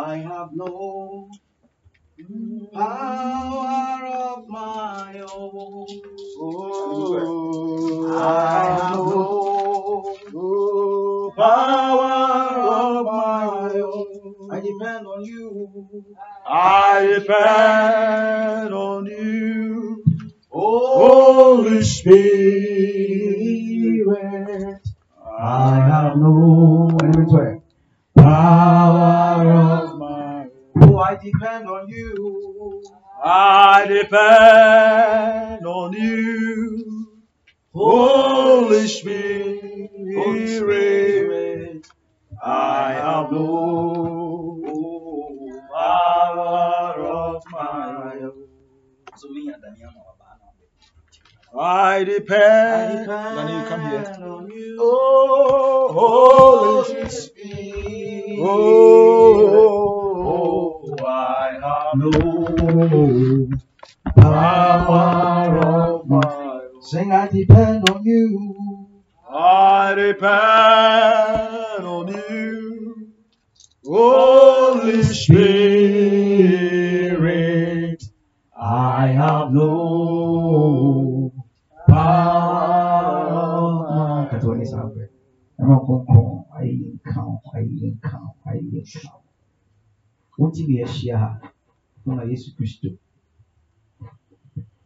I have no power of my own. I have no power of my own. I depend on you. I depend on you. Holy Spirit, I have no power depend on you. I depend on you. Holy Spirit, I have no power of my own. I depend, I depend Daniel, come here. on you. Oh, Holy Spirit. Oh, why I know how far off my Sing, I depend on you. I depend on you, Holy Spirit. I have no power. Katuwa ni sabi. Naman kung kung ay ikaw, ay ikaw, ay ikaw. wonti bi ahyia a na yesu kristo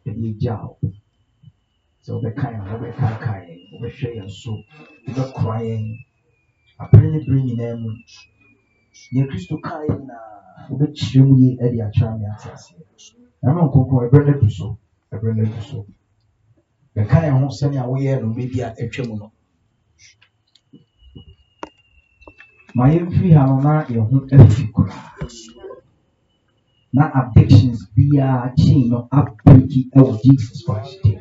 ɛgya h sɛ wobɛka ɛwbɛkar ɛɛɛɛ sbɛka ɛpɛn berɛ nyinaa mue kristo ka nyinaawobɛkyrɛ mu yi kyɛe eema nkokrɛ nbɛka ɛ ho sɛne a woyɛ noɛbu ma yɛmfiri ha no na não ho afi koraa na addictions biara chain no abreki wɔ jesus christ din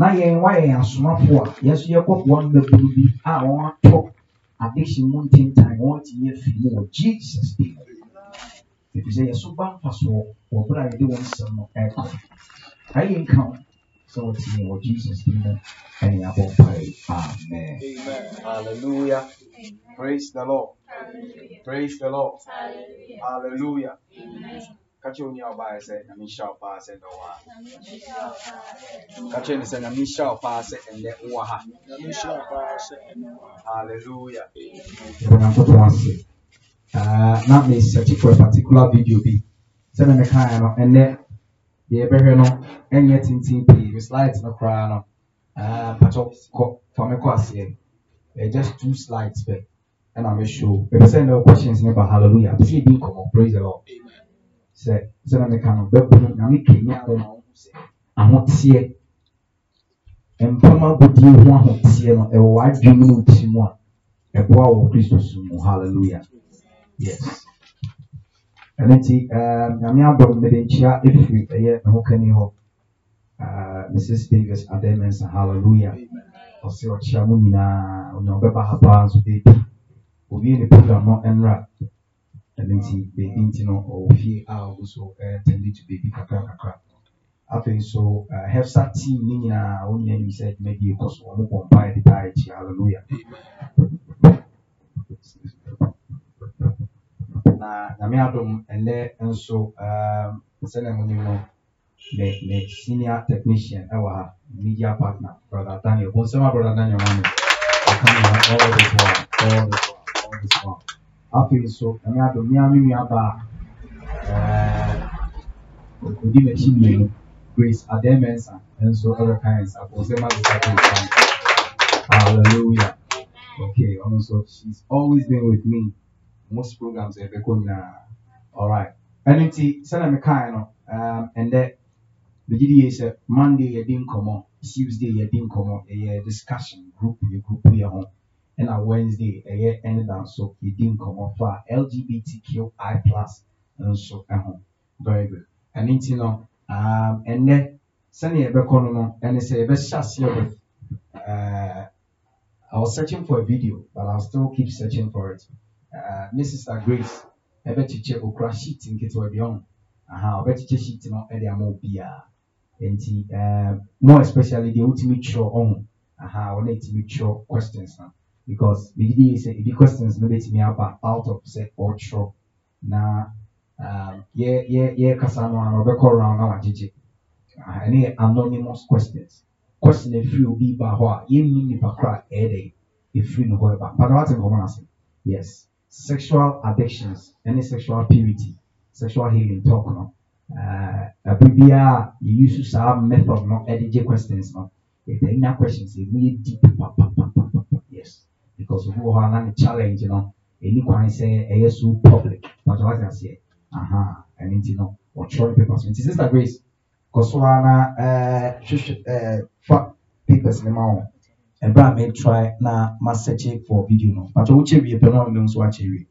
na yɛn wa yɛn asomafoɔ a yɛn nso yɛkɔ wɔn mmabunu bi a wɔn atɔ addiction mu ntentan wɔn ti yɛ fi mu wɔ jesus din efisɛ yɛso ba mfasoɔ wɔ bere a yɛde wɔn nsɛm no ɛkɔ ayɛ yɛn ka ho sɛ wɔte yɛn wɔ jesus din mu ɛyɛ abɔ mpae amen. amen. hallelujah. Amen. Praise the Lord. Hallelujah. Praise the Lord. Hallelujah. Hallelujah. Amen. Kache unyawabaya se nyamisha opaa se ndo wa. Kache ni se Hallelujah. Uh, Nyakoto ase. Na me search for a particular video bi. Sɛ na meka ya no ɛnɛ deɛ ɛbɛhwɛ no ɛnyɛ tintin pii. Slide no koraa no. Patɔ kɔ fa me kɔ aseɛ uh, just two slides but And I'm sure. If send no questions about hallelujah, I'm you come on. Praise the Lord. Amen. Say, say, I'm coming. But I'm not Kenya. I'm not here. mpama agudie ho ahoteɛ no ɛwɔ w'adwene mu ti mu a ɛboa wɔ kristo so mu hallelujah yes ɛno nti nyame abɔ mmere nkyia efiri ɛyɛ ɛho kani Uh, mrs davis and hallelujah Amen. ɔsɛ ɔkyea mo nyinaa onyame bɛba ha paa nso baabi owie ne program no mmra ɛno nti baabi nti no ɔwɔ fie a ɔno eh, so ɛtɛnde to baabi kakra kakra afei eh, nso hefsa team ne nyinaa wɔn nyinaa nim sɛ dwumadie kɔ so wɔn bɔ mpaeɛ de taa akyi hallelujah na nyame adom ɛnɛ nso sɛnea mo nim no ne ne senior technician our media partner brother daniel bonsɛma brother daniel mami ɔka mi ha all this one. all this one. all this while afei uh, so ɛmi ado mi ami mi aba ɛɛ odi m'akyi mmienu grace ademensa nso ɛbɛka nsa bonsɛma bisa ko nsa hallelujah okay ɔno nso she's always been with me most programs ɛbɛkɔ nyinaa alright ɛnu ti a kind of. Um, and ɛndɛ. The GDA Monday monday come on, tuesday come on a discussion group your group on, And discussion wednesday so you discussion, come on for lgbtqi plus discussion ho very good and nti no ɛnɛ sɛnea yɛbɛkɔ on no ɛne sɛ yɛbɛhyɛ aseɛ with uh, I was searching for a video, but I'll still keep searching for it. Uh, Mrs. Grace, I bet you check Okra sheet in Kitwa beyond. Aha, I bet you check nti uh, more especially deɛ wotumi twerɛ ɔmo aha wɔn a yɛtumi twerɛ questions na because ebi yi sɛ ebi questions no bɛtumi aba out of sɛ ɔtwerɛ na yɛ yɛ yɛ kasa no ano ɔbɛkɔ round na wagyegye aha ɛne yɛ anonymous questions question efiri obi ba hɔ a yɛnni nipa kora ɛyɛ dɛ efiri ne hɔ ɛba pata wate nkɔmɔ n'ase yes sexual addictions ɛne sexual purity sexual healing talk no. ɛbɛ uh, uh, you yɛyi so saa method no ɛde questions no yɛtanya questions ɛmu yɛ deep yes because we wɔ a challenge you know any ɛni say sɛ so public but wá ti aseɛ aha ɛne nti no ɔtwerɛ ne papers nti sister grace is this a na ɛɛ hwehwɛ ɛɛ fa papers ne ma wɔn ɛbɛrɛ try na ma for video no pàtó wokyɛ wie pɛ na ɔmo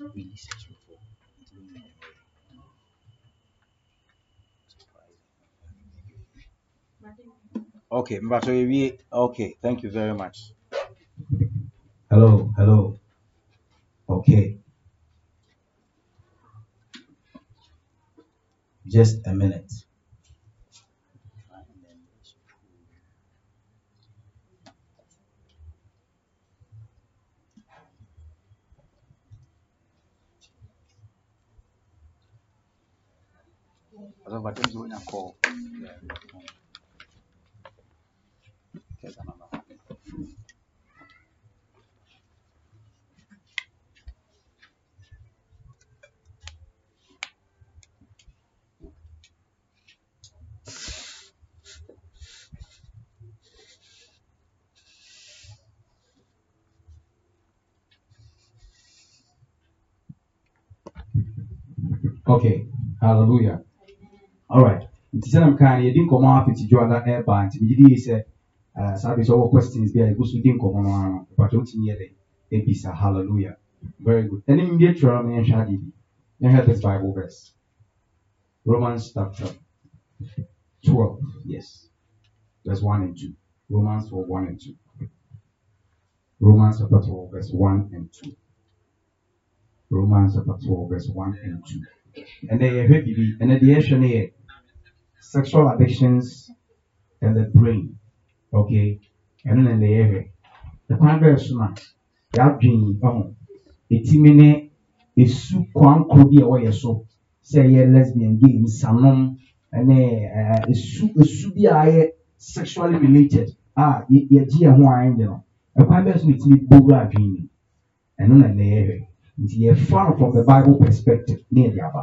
was really successful in Okay, Mbasoyewie. Okay, thank you very much. Hello, hello. Okay. Just a minute. oza vatenzi wenyako Okay, hallelujah. alright nti sɛ na meka no yɛdi nkɔmmɔ apeti dwoada ɛba nti megye di sɛ eh, saa bi sɛ ɔwɔ questions bi a ɛgu so di nkɔmmɔ no ano mpatɛ wotumi yɛ dɛn ebisa hallelujah very good ɛne mbi atwerɛ no yɛhwɛ ade bi yɛhwɛ this bible verse romans chapter 12 yes verse 1 and 2 romans 12 1 and 2 romans chapter 12 verse 1 and 2 romans chapter 12 verse 1 and 2 ɛnɛ yɛhwɛ biribi ɛnɛ deɛ yɛhwɛ no yɛ sexual addictions and the brain. Okay? ɛno na ɛna yɛhwɛ ɛkwan bɛɛ so na yɛadwen ho ɛtumi ne esu kwan koro bi a ɛwɔ yɛ so sɛ ɛyɛ lesbian gay nsanom ɛne ɛɛ esu esu bi a ayɛ sexually related a yɛgye yɛn ho ayɛ nyɛ no ɛkwan bɛɛ so na ɛtumi bɔwɔ adwen mu ɛno na ɛna yɛhwɛ nti yɛfa no from the bible perspective ne yɛde aba.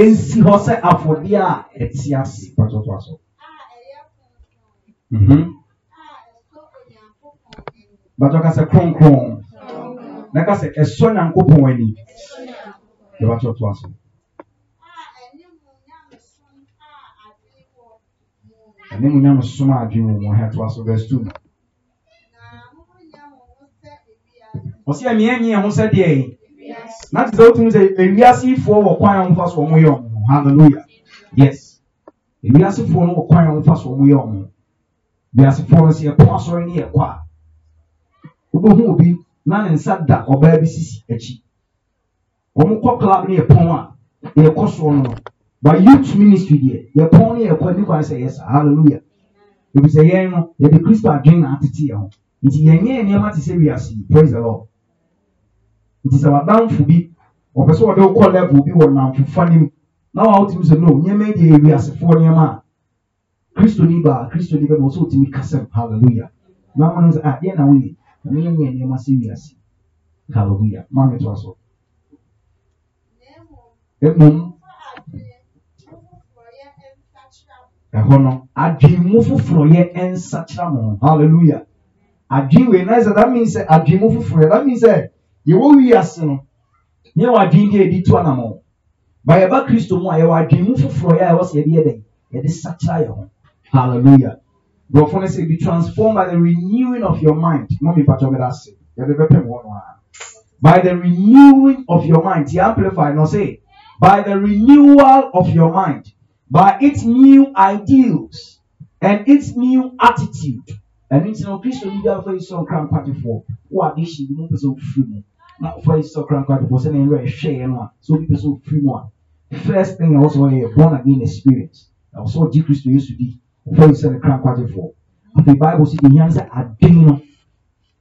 esi hɔ sɛ afɔdeɛ a ɛte ase patoatoa so mhm. bato ka sɛ kronkron na ka sɛ ɛsɔ nyankopɔn ani de batoatoa so ɛne mu nyame som a adwene wɔ mu ɔhɛ toa verse two ɔsɛ ɛmeɛ nyɛ ho sɛ deɛ na te sɛ wotumi sɛ ewiasefoɔ wɔ kwan a wɔmfa so wɔn yɛ wɔn hallelujah yes ewiasefoɔ no wɔ kwan a wɔmfa so wɔn yɛ wɔn ewiasefoɔ no sɛ ɛkɔ asɔre ne ɛkɔ a wobɛhu obi na ne nsa da ɔbaa bi sisi akyi wɔn kɔ club ne ɛpɔn a yɛkɔ soɔ no but youth ministry deɛ yɛpɔn ne yɛkɔ ne kwan sɛ yɛ sa hallelujah ebi sɛ yɛn no yɛde kristo adwene na atete yɛn ho nti yɛn nyɛ nneɛma te sɛ wiase praise the lord nti sɛ wadanfo bi wɔpɛ sɛ wɔde wokɔ level bi wɔ namfofa no mu na wɔn a wotumi sɛ no nneɛma yi deɛ ewi asefoɔ nneɛma a kristo ni baa kristo ni bɛɛ na wɔsɛ wotumi kasɛm hallelujah na wɔn sɛ ah yɛn na wɔyɛ na wɔn yɛn yɛ nneɛma sɛ wiase hallelujah maame to aso emom ɛhɔ no adwimu foforɔ yɛ nsakyera mo hallelujah adwimu wei na sɛ that means sɛ eh, adwimu foforɔ yɛ that means sɛ. Eh, deɛ wiase no ne yɛwɔ adwene deɛ to anamɔ ba yɛba kristo mu a yɛwɔ adwene mu foforɔ yɛ a ɛwɔ sɛ yɛde yɛ dɛn yɛde sakyera yɛ ho hallelujah borɔfo no sɛ be transformed by the renewing of your mind mɔmi patɔ bɛ ase yɛde bɛpɛ mu by the renewing of your mind yɛ amplify no say by the renewal of your mind by its new ideals and its new attitude And ti na kristo ni bi afɔ yi sɔn kran pati fo wɔ adi si mu pɛ sɛ ofiri mu na fa yi sɛ korankora because sɛ ne yɛrɛ ɛhwɛeɛ no a sɛ So pɛ sɛ ɔfiri mu a first thing ɛwɔ sɛ ɔyɛ born again experience ɛwɔ sɛ ɔgye kristo yesu di ɔfa yi sɛ ne korankora gyefoɔ the bible sɛ ehia sɛ aden no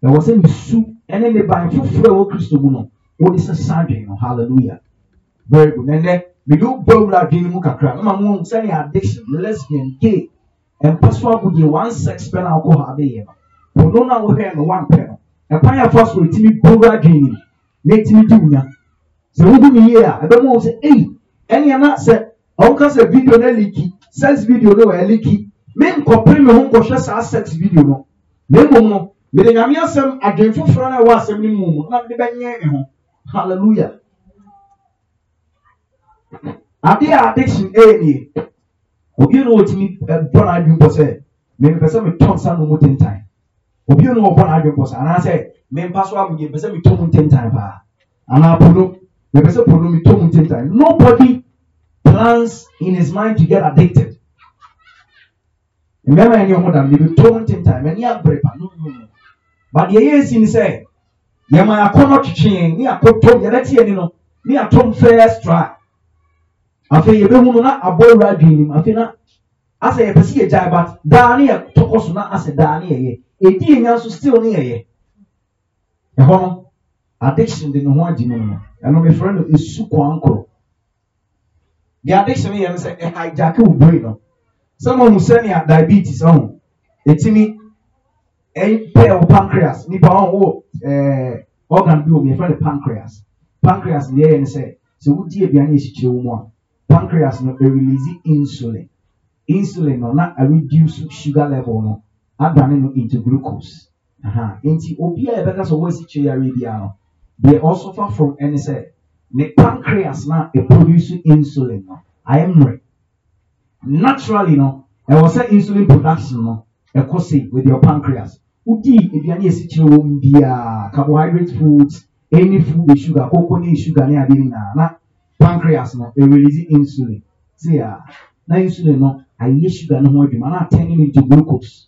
ɛwɔ sɛ nisu ɛne ne ban foforɔ ɛwɔ Christ to no wɔde sɛ sadwin no hallelujah very good ɛnɛ mede wobɔ wura adwene mu kakra mma mo sɛne addiction lesbian gay ɛmpɛ so ago deɛ one sex pɛ no a wokɔ ha de yɛ no pono no a wohwɛ no ɛkwan a ɛfa soro tumi boro adwene ne tumi di wunya sɛ wodu ne yie a ɛbɛn mu sɛ eyi ɛnyɛ na sɛ ɔnka sɛ video no aliki sex video no wɔ e aliki me nkɔpere me ho nkɔhwɛ saa sex video no na mmom e no mede nyame asɛm adwen foforɔ no a ɛwɔ asɛm no mu mu na mede bɛnyɛ me e ho hallelujah adeɛ a addiction ɛyɛ nie obi na ɔtumi ɛbɔ n'adwen pɔ sɛ mepɛ sɛ metɔn sa no mu tentan obi no wɔbɔ n'adwe bɔ sa anaasɛ mempa so amu yɛ mpɛsɛ mitɔ mu ntentan paa anaa pono yɛpɛ sɛ mi mitɔ mu ntentan nobody plans in his mind to get addicted mmarima yɛn ni ɔmo dam ebi tɔ mu ntentan mɛ ni abere pa no no no but deɛ yɛn esi ni sɛ ma akɔnɔ twitwi ne akɔtɔ yɛrɛ ti yɛn ni no ne atɔm first try afei yɛbɛhu no na abo ewura dwi nim afei na asɛ yɛpɛ si yɛ gyae ba daa ne yɛ tɔkɔ so na asɛ daa ne yɛ yɛ ɛdii nya nso still ne yɛyɛ ɛhɔ no addiction de ne ho agye mu no ɛno mefrɛ no esu kwankoro deɛ addiction yɛ no sɛ ɛhijack wo brain no sɛ mo mu sɛnea diabetes ɔho ɛtumi ɛpɛ wo pancreas nipa ɔho wo ɛɛ organ bi wɔ mu yɛfrɛ no pancreas pancreas deɛ yɛ no sɛ sɛ wodi aduane esikyire wo mu a pancreas no ɛrelease insulin insulin no na ɛreduce sugar level no adane no into glucose aha nti obi a yɛbɛka sɛ wɔasi kyeyareɛ biara no deɛ ɔsofa from ɛne sɛ ne pancreas na ɛproduce insulin no ayɛ mmerɛ naturally no ɛwɔ sɛ insulin production no ɛkɔ se with your pancreas wodii aduane asikyire wɔ mu biara carbohydrate foods any food with sugar koko ne sugar ne adeɛ nyinaa na pancreas no ɛrelease insulin see a na insulin no ayɛ sugar no ho adwuma na atɛn no into glucose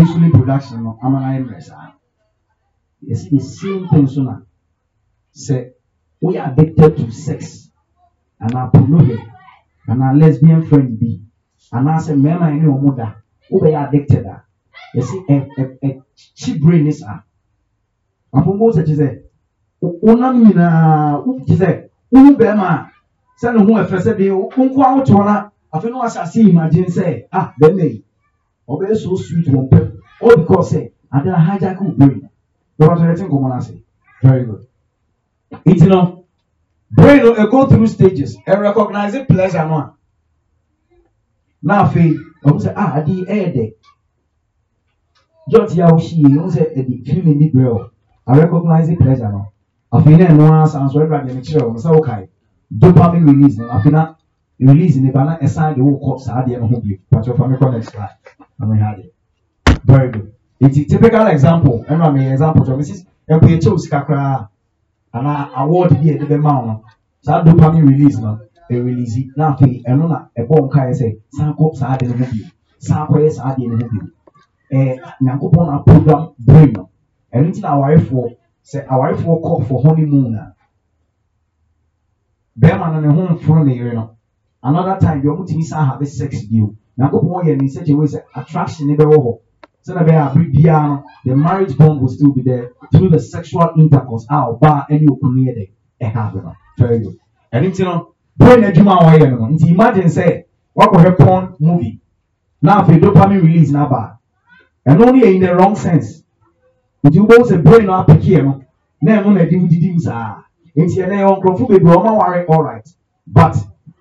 insulin production no ama ayɛ mmerɛ saa esie mpɛ nso na addicted to sex anaa our anaa lesbian friend bi mmarima ne wɔn da wobɛyɛ addicted a yɛsi ɛ ɛ ɛkyi brain saa apɔnkɔ sɛ ho na imagine ah ɔbɛyɛ so sweet wɔ mpɛm all because sɛ ade na hijack wo brain bɛba so yɛte nkɔmɔ no ase very good nti no brain no ɛgo through stages ɛrecognize pleasure no a na afei ɔmo sɛ ah ade ɛyɛ dɛ jɔte a wohyie ɔmo sɛ ɛde fili ni brɛ o ɛrecognize pleasure no afei na ɛno ara san so ɛbra deɛ mekyerɛ ɔmo sɛ wokae dopamine release no afei na release ne ba na ɛsan de wokɔ saa deɛ no ho bio patro fa me kɔ next slide amehade very good nti typical example ɛna mi example tɔ mi si ɛkò yɛ kyew sika koraa ana award bi yɛ de bɛ ma ɔno saa dopamine release no ɛrelease na afei ɛno na ɛbɔ nkae sɛ saa kɔ saa adeɛ no ho bi saa kɔ yɛ saa adeɛ no ho bi ɛɛ nyankopɔn na program brain no ɛno ti na awarefoɔ sɛ awarefoɔ kɔ for honeymoon na bɛrima no ne ho mforo ne yere no another time deɛ ɔmo ti mi saa ha bɛ sex bio nyankopɔn yɛ ne nsa kyɛn sɛ attraction ne bɛwɔ hɔ sɛnɛ bɛyɛ abiri biara no the marriage bond will still be there through the sexual intercourse a ɔbaa ɛne okunu yɛ dɛ ɛha abɛ no very good ɛne ti no brain adwuma a wɔyɛ no nti imagine sɛ wakɔhwɛ porn movie na afei dopamine release n'aba ɛno no yɛ in the wrong sense nti wobɛhu sɛ brain no apɛkeɛ no na ɛno na ɛde wodidi mu saa nti ɛnɛ yɛ wɔ nkurɔfo bebree ɔma ware alright but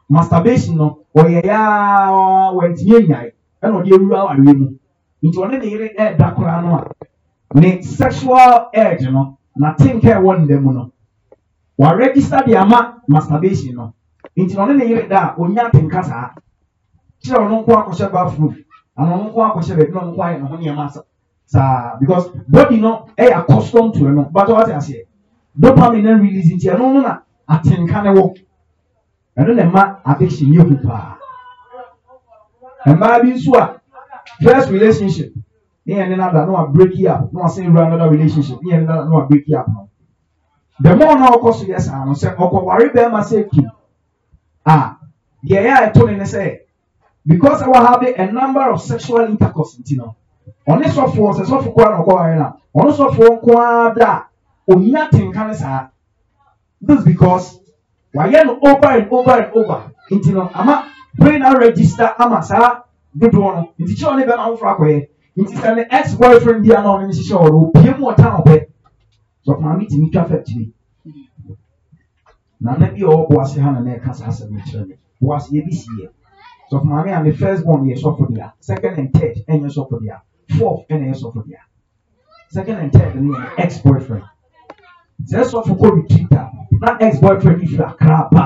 masturbation no wɔyɛ yaa wɔntumi anyae ɛna ɔde awura awareɛ mu nti ɔne ne yere ɛɛda koraa no a ne sexual urge no n'atenka ɛwɔ nda mu no wɔaregister de ama masturbation no nti ɔne ne yere da a onya atenka saa kyerɛ ɔno nko akɔhyɛ bathroom ana ɔno nko akɔhyɛ baabi na ɔno nko ayɛ ne ho nneɛma asa saa because body no ɛyɛ accustomed to ɛno but ɔte aseɛ dopamine na release nti ɛno no na atenka ne wɔ ɛno na ɛma addiction yɛ hu paa mmaa bi nso a first relationship ne yɛn ne nada na wa break it up na wa send ra another relationship ne yɛn ne nada na wa break it up no the more na ɔkɔ so yɛ saa no sɛ ɔkɔ ware bɛrima sɛ kim a deɛ ɛyɛ a ɛto ne ne sɛ because ɛwɔ ha bi a number of sexual intercourse ti no ɔne sɔfoɔ sɛ sɔfo koraa na ɔkɔ ware na ɔno sɔfoɔ nkoaa da omi atenka ne saa this because wayɛ no over and over and over nti no ama brain na register ama saa dodoɔ no nti kyerɛ ɔne bɛma afoforɔ akɔyɛ nti sɛ ne ex boyfriend bi a na ɔne nhyehyɛ wɔ no opie mu ɔtan ɔpɛ sɛ maame tumi twa fɛ akyire nana bi a ɔwɔ boase ha na na ɛka saa asɛm no kyerɛ me boase yɛ bi si yɛ sɛ maame a ne first born yɛ sɔfo dea second and third ɛnyɛ sɔfo dea fourth ɛna ɛyɛ sɔfo dea second and third no yɛ ex boyfriend sɛ ɛsɔfo kɔ retreat a na ex boyfriend no firi akra aba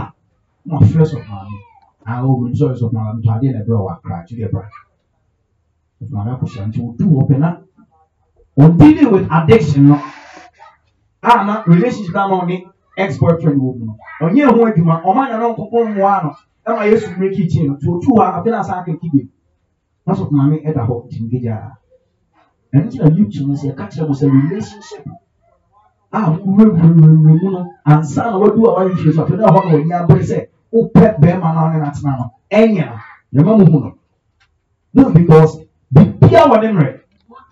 na ɔfrɛ sɔfmaame a ɔwɔ nsɔre sɔfmaame to adeɛ na ɛbrɛ wɔ akra akyerɛ ɛbra sɔfmaame akɔhyia nti odu wɔ pɛ na dealing with addiction no a na relationship na ɔne ex boyfriend wɔ mu no ɔnyɛ ho adwuma ɔmanya no nkɔkɔ mmoa no ɛma yɛ sumire kitchen no nti otu hɔ a afei na asan akɛkɛ bi na sɔfmaame ɛda hɔ gyinigya ɛno ti na youtube no sɛ ɛka kyerɛ mo sɛ relationship a wɔwurawurawuramu no ansa na wɔde wɔ wɔn nhwɛ so afei na hɔ na wɔn abere sɛ wopɛ bɛrima na ɔne n'atena no ɛnya na ɛma mu hu no no because bibia wɔ ne mmerɛ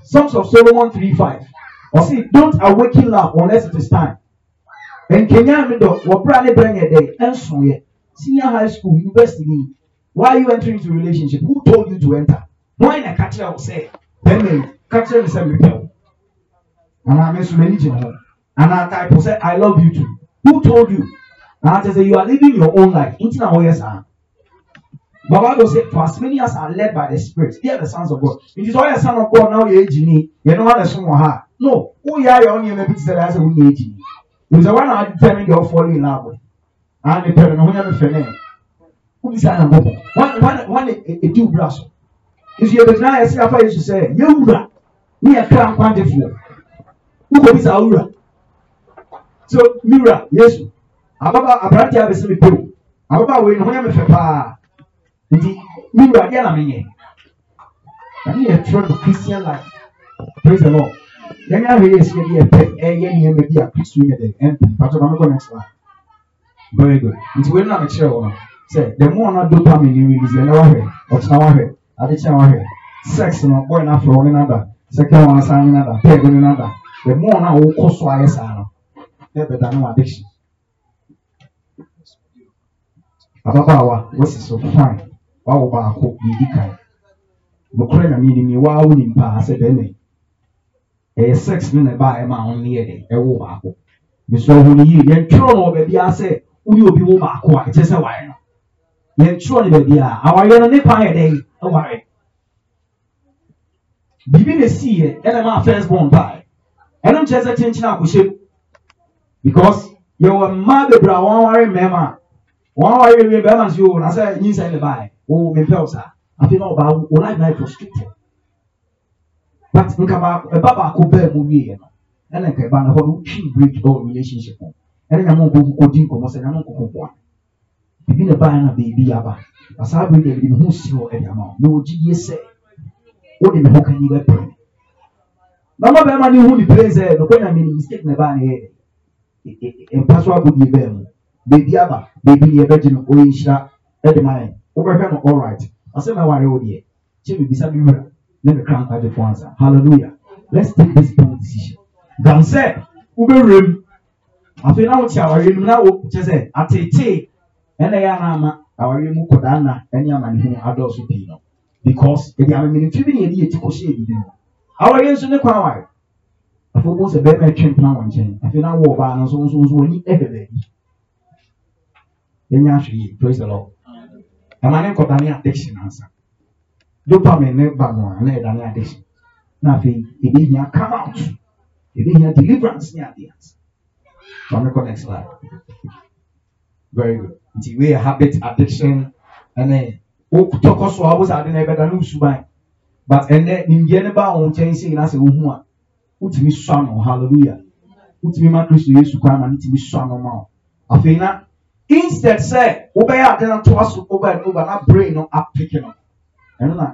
songs of solomon three five ɔsi don't awaken love unless it is time nkenya mi dɔ wɔbra ne brɛ nyɛ dɛ ɛnson yɛ senior high school university ni why you entering into relationship who told you to enter Why na kakyira wɔ sɛ bɛrima yi kakyira mi sɛ mi pɛ o na maame nso m'ani gyina hɔ. And I type will say, I love you too. Who told you? And I say, You are living your own life. Into now, yes, sir. Ah? Baba will say, For as many as are led by the Spirit, they are the sons of God. It is all a son of God now, you're aging. You don't want a son of her. No. Oh, yeah, you're only a baby to as a woman aging. It was the one I determined you're falling in love with. And the parent, when you're a friend, who is that? One, one, one, a two brass. If you the guy, I see, I thought you should say, You're a me a crown quantifier. Who go be say our So, o yesu ababa aberante abɛsi mi pɛm ababa wei ne ho yɛ mi fɛ paa nti miwura deɛ na mi nyɛ ɛni yɛ twerɛ no christian life praise the lord yɛn yɛ ahwɛ yɛ di yɛ pɛ ɛyɛ nneɛma bi a kristu yɛ dɛ ɛmpɛ eh, pato na mi kɔ next one. very good nti wei na mi kyerɛ wɔn sɛ the more na dopamine ni release yɛn na wahwɛ ɔtena wahwɛ adekyɛ wahwɛ sex na boy na afro na da. second one san ne da. third na da. the more na wɔkɔ so ayɛ saa ɛbɛda no addiction ababaawa wasi so fine wawo baako yɛdi kan nokorɛ na menim yɛ waa wonim paa sɛ bɛrima ɛyɛ sex ne na ɛbaa ɛma wo ne yɛ dɛ ɛwo baako mesɛ ɔho no yie yɛntwerɛ no wɔ baabiaa sɛ woyɛ obi wo baako a ɛkyɛ sɛ wayɛ no yɛntwerɛ no baabiaa awareɛ no ne paa yɛ dɛn ɛware biribi na ɛsiiɛ ɛna ma first born paa ɛno nkyerɛ sɛ kyenkyene akɔhyɛ mu because yɛwɔ mmaa bebree a wɔn aware mmarima wɔn aware wie barima nso yɛwɔ na sɛ nyi nsɛn ne baa wɔwɔ mepɛw saa afei na ɔbaa wɔn life na yɛ frustrated but nka baako ɛba baako bɛɛ mu wie yɛ no ɛna nka ɛba na hɔ no twi break ɔwɔ relationship mu ɛna nyama nko nko di nkɔmɔ sɛ nyama nko nko a bibi na baa na beebi aba na saa break yɛ de ne ho si hɔ ɛde ama na ogyi yie sɛ wɔde ne ho kan yi bɛ pɛn na ɔmo bɛrima ne ho ne pɛn sɛ nokɔ nyame ne mistake na ɛbaa ne yɛ de mpa so abɔ die bɛɛ mu beebi aba beebi deɛ ɛbɛgye no ɔyɛ nhyira ɛde ma yɛn wobɛhwɛ no alright ɔsɛ na ware wo deɛ kyɛ bibisa me wura ne me kra nkwagye fo ansa hallelujah let's take this bold decision dan sɛ wobɛwura mu afei na wote awareɛ no mu na wo kyɛ sɛ atetee ɛna ɛyɛ ana ama awareɛ mu kɔdaa na ɛne amanehunu adɔɔso pii no because ɛde amemene fi bi ne yɛde yɛti kɔhyɛ yɛ bibi mu awareɛ nso ne kwan ware afei wɔn sɛ bɛrima ɛtwe mpena wɔn nkyɛn afei na wɔ ɔbaa no nso nso nso wɔn ani ɛhwɛ baabi yɛnyɛ ahwɛ yie praise the lord ɛma ne nkɔda ne addiction ansa dopamine ne ba mu a na ɛda ne addiction na afei ebi hia come out ebi hia deliverance ne adeɛ ansa wɔn kɔ next slide very good nti wei yɛ habit addiction ɛne wotɔkɔ oh, so a wosan ade na ɛbɛda ne nsuban but ɛnɛ nimdeɛ ne ba wɔn nkyɛn sei na sɛ ohun a wotumi sɔ ano hallelujah wotumi ma kristu yesu kwan ma ne tumi sɔ ano ma o afei na instead sɛ wobɛyɛ ade no to aso over and over na brain no apeke no ɛno na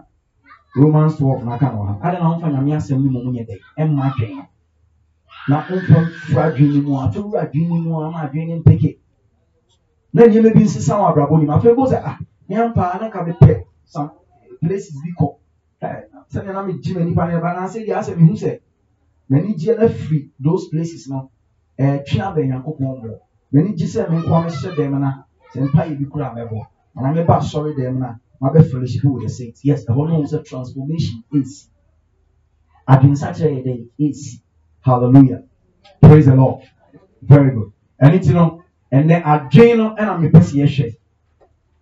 romans twelve n'aka na ɔha ade na wɔmfa nyame asɛm no mu mu yɛ dɛ ɛmma adwene no na womfa fura adwene no mu a towura adwene no mu a ma adwene no mpeke na nneɛma bi nsesa wɔ abrabɔ nim afei bo sɛ ah nyɛmpa na ka mepɛ some places bi kɔ sɛdeɛ na megye ma nipa no ɛba na asɛ deɛ asɛ mehu sɛ n'ani gye afiri those places eh, no ɛɛtwe aba nyankopɔn mmerɛ m'ani gye sɛ me nkoa mehyɛ dɛm na sɛ mpaeɛ bi kora mɛbɔ anaa mɛba asɔre dɛm na mabɛ fellowship with the saints yes ɛhɔ no sɛ transformation ɛsi adwensakyerɛ yɛ dɛ ɛsi hallelujah praise the lord very good ɛne ti no ɛnɛ adwen no ɛna mepɛ si yɛhwɛ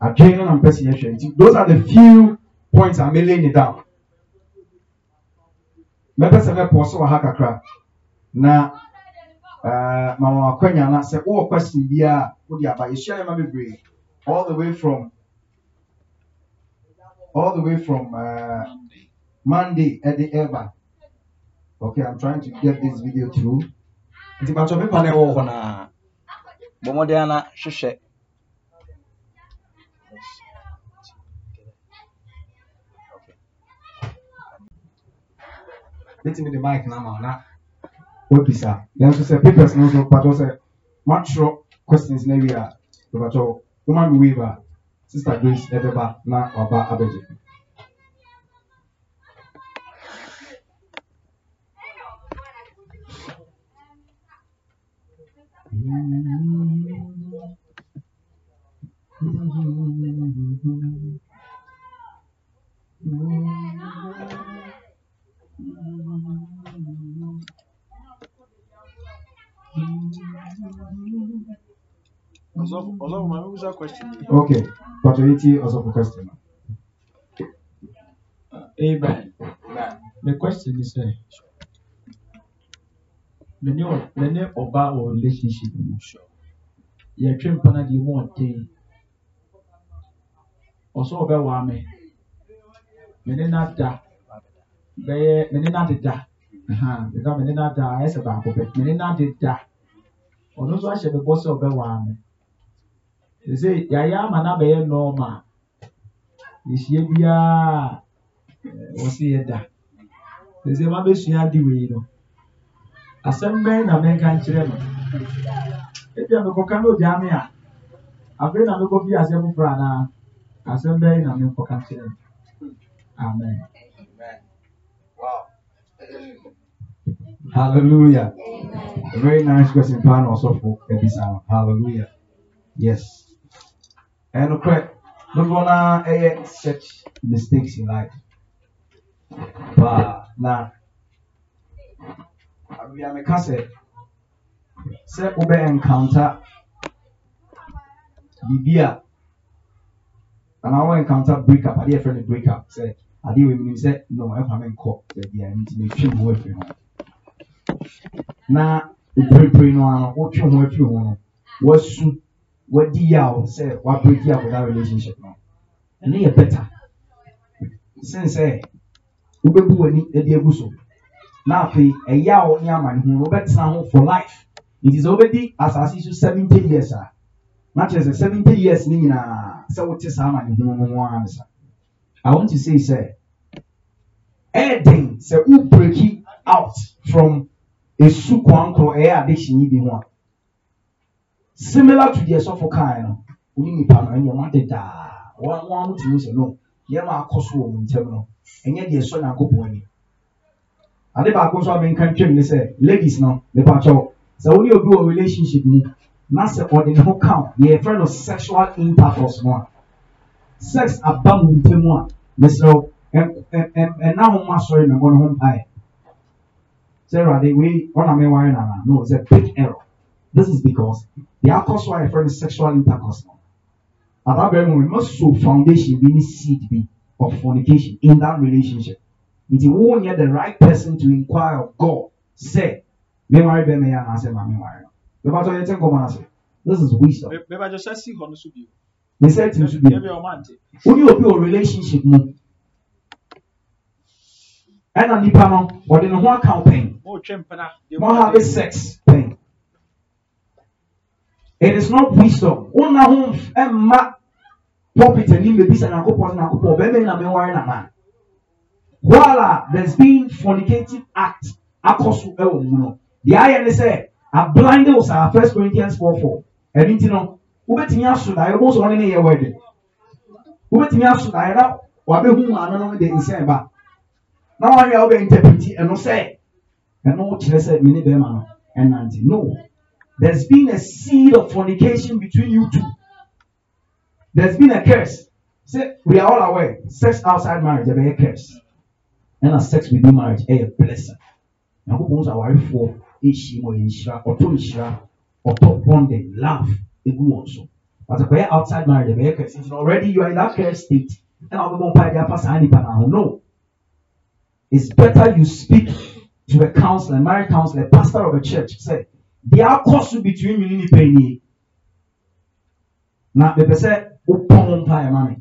adwen no na mepɛ si yɛhwɛ nti those are the few points i'm laying it down. mɛpɛ sɛ mɛpɔ so wɔ ha kakra na uh, eh, mama wakwanya na sɛ wowɔ question biara a wode aba yɛhyia nɛma bebree all the way from all the way from uh, monday ɛde ɛba okay i'm trying to get this video through nti pepa na ɛwɔ hɔ naa me the mic na ama na Then nanso say papers no But also sɛ questions na wie a papatɔ woma me sister grace ɛbɛba na waba abɛgye mm-hmm. Ọzọfụ ma mewuza question. Okay, Pastor Iti Ọzọfụ question. Amen. The question is, uh, mene mene ọba wọ relationship mu yɛtwe mpana deɛ mu ɔden ɔsɛ ɔbɛwaa me mene n'ada bɛyɛ mene n'adeda because me ah. nena da ɛsɛ baako pɛ me nena de da ɔno nso ahyɛ me bɔ sɛ ɔbɛwaa me sese yɛayɛ ama n'abɛyɛ nɔɔma ehyia biara wɔsi yɛ da sese ma bɛsua adi wei no asɛm bɛn na mɛnka nkyerɛ no ebi a mekɔka no ogya me a afei na mekɔ fi asɛm foforɔ anaa asɛm bɛn na mɛnkɔka nkyerɛ no amen. amen. Wow. halleluja a very nice question paa na ɔsɔfo abisa halleluja yes ɛnokorɛ bo bɔ noa ɛyɛ sech mistakes ye life na ia meka sɛ sɛ wobɛ encounte bibi a anaa woɛencounte breakup adeɛ frɛ no breakup sɛ adeɛ wminim sɛ no ɛkwame nkɔ atmte hɔho na opirepire no ano wotwe ho afiri ho no wasu wadi yaw sɛ wabreaki up that relationship no ɛno yɛ better sen sɛ wobɛbu w'ani adi agu so na afei ɛyaw ne amane ho no wobɛtena ho for life nti sɛ wobɛdi asase so seventy years a na kyerɛ sɛ seventy years ne nyinaa sɛ wote saa amane ho no ho ara i want to say sɛ ɛyɛ den sɛ wo out from esu kwan korɔ ɛyɛ addiction yi bi ho a similar to deɛ sɔfo kan no wɔn nipa no nneɛma dedaa wɔn wɔn ano tumi sɛ no nneɛma akɔ so wɔ wɔn ntɛm no ɛnyɛ deɛ sɔ n'akɔ bɔn ani ade baako nso a mɛnka twɛm ne sɛ ladies no nipa kyɛw sɛ wɔn yɛ obi wɔ relationship mu na sɛ ɔde ne ho kan yɛ fɛ no sexual intercourse no a sex aba wɔn ntɛm a mesrɛw ɛnna wɔn asɔre na wɔn ho mpaeɛ sɛ awurade wei ɔnam ɛwa yɛ nana no a big error this is because the akɔso a yɛfrɛ is sexual intercourse At that very moment, no so foundation bi ne seed be of fornication in that relationship nti won't get the right person to inquire of god sɛ mmewari bɛn mɛyɛ anaasɛ maame wari no bɛba tɔ yɛ te nkɔmɔ ase this is wisdom. bɛba tɔ sɛ si hɔ no so bi. ne sɛ ti nso bi. wọ́n ní obi wɔ relationship mu. ɛna nipa no wɔde ne ho aka wo pɛn ma have sex pɛn it is not wisdom On ho un pulpit anim bebisa nyankopɔn nyankopɔn bɛrima yi na meware nana while a there's been fornicative act akɔ ɛwɔ mu no deɛ ayɛ ne sɛ ablinde wɔ first corinthians four four ɛni ti no wobɛtumi aso daeɛ wɔn Vous ne de na wɔn a wɔbɛ interpreti ɛno sɛ ɛno kyerɛ sɛ mene bɛrima no ɛnante no there's been a seed of fornication between you two there's been a curse say we are all aware sex outside marriage ɛbɛyɛ curse ɛna sex within marriage ɛyɛ blessing na ko kɔn so awarefoɔ ehyia mu ɔyɛ nhyira ɔtɔ nhyira ɔtɔ bonding love egu wɔn so but ɛkɔyɛ outside marriage ɛbɛyɛ curse nti already you are in that curse state ɛna ɔbɛbɔ mpa ɛde apa saa nipa na ho no. It's better you speak to a counselor, a marriage counselor, a pastor of a church. Say, there are costs between me and penny. Now, the person who pay money.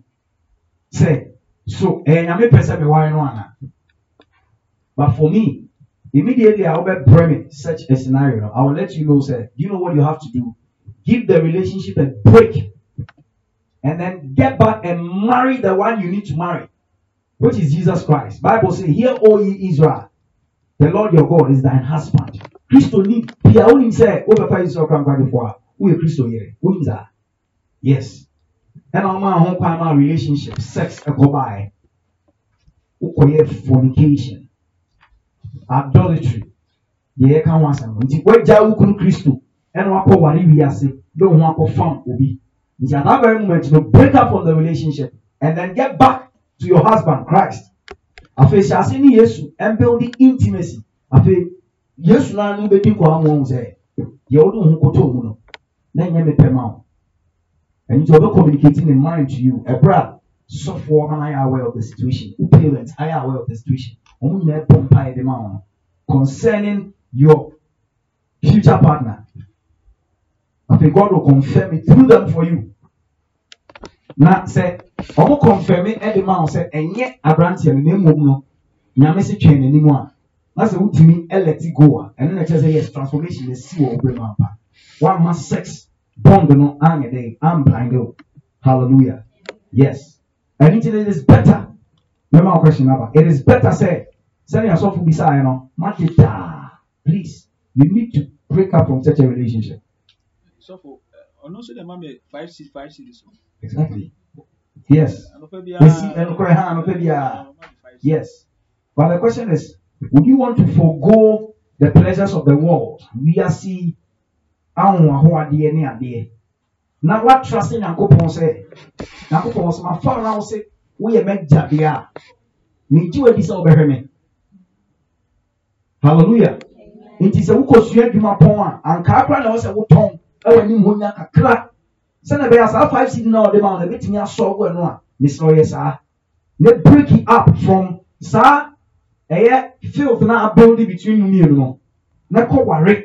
Say, so, and I'm a person, why no? But for me, immediately I will bring me such a scenario. I will let you know, sir, you know what you have to do. Give the relationship a break and then get back and marry the one you need to marry which is Jesus Christ. Bible says, Hear, O ye Israel, the Lord your God is thine husband. Kristo ni pia uni mse obepa Israel kwa kwa kwa uye Christo yere uni mza yes and our man home kwa relationship sex ekobae ukoye fornication adultery yeye ka ho asɛm nti wagya wo kunu kristo ɛna wakɔ ware wiase se, wo wako akɔfam ubi. nti at that very moment you break up from the relationship and then get back to your husband Christ afei hyɛ ase ne Yesu and building intimacy afei Yesu naa ne wobɛdi nkɔla mu ɔmo sɛ deɛ wode wo ho koto mu no na nyɛ me pɛ ma ɔbɛ communicate ne mind to you ɛberɛ a sɔfoɔ no ayɛ aware of the situation wo parents ayɛ aware of the situation ɔmo nyinaa bɔ mpaeɛ de ma concerning your future partner afei God will confirm it through them for you na sɛ ɔmo kɔnfɛmi ɛde ma ɔsɛ ɛnyɛ aberanteɛ no na emu no nyame se twɛn n'anim a asɛ wotumi ɛlɛti go a ɛno na kyerɛ sɛ yes transformation na si wɔ obere mu apa wama sex bond no anyɛ dɛ amblind o hallelujah yes ɛno nti it is better mɛma question naba. it is better sɛ sɛnea asɔfo bi saa yɛ no mate taa please you need to break up from such a relationship. sɔfo ɔno nso de ma mi five series five series. exactly. Yes. Yes. But the question is, would you want to forego the pleasures of the world? We are see na watrase nyankopɔn sɛ nyankopɔn sɛ mafa wo na wo se woyɛ m'agyadeɛ a megye w'adi sɛ wobɛhwɛ me halleluya nti sɛ wokɔsua adwuma pɔn a ankaa koraa na wo sɛ wotɔn ɛwɔ anim hɔ nya kakra sɛnɛ bɛyɛ saa five cd na ɔde ma ɔno ebitumi asɔɔgo ɛno a mesɛ ɔyɛ saa ne break it up from saa ɛyɛ field na abɛnde between mu mmienu no ne kɔ ware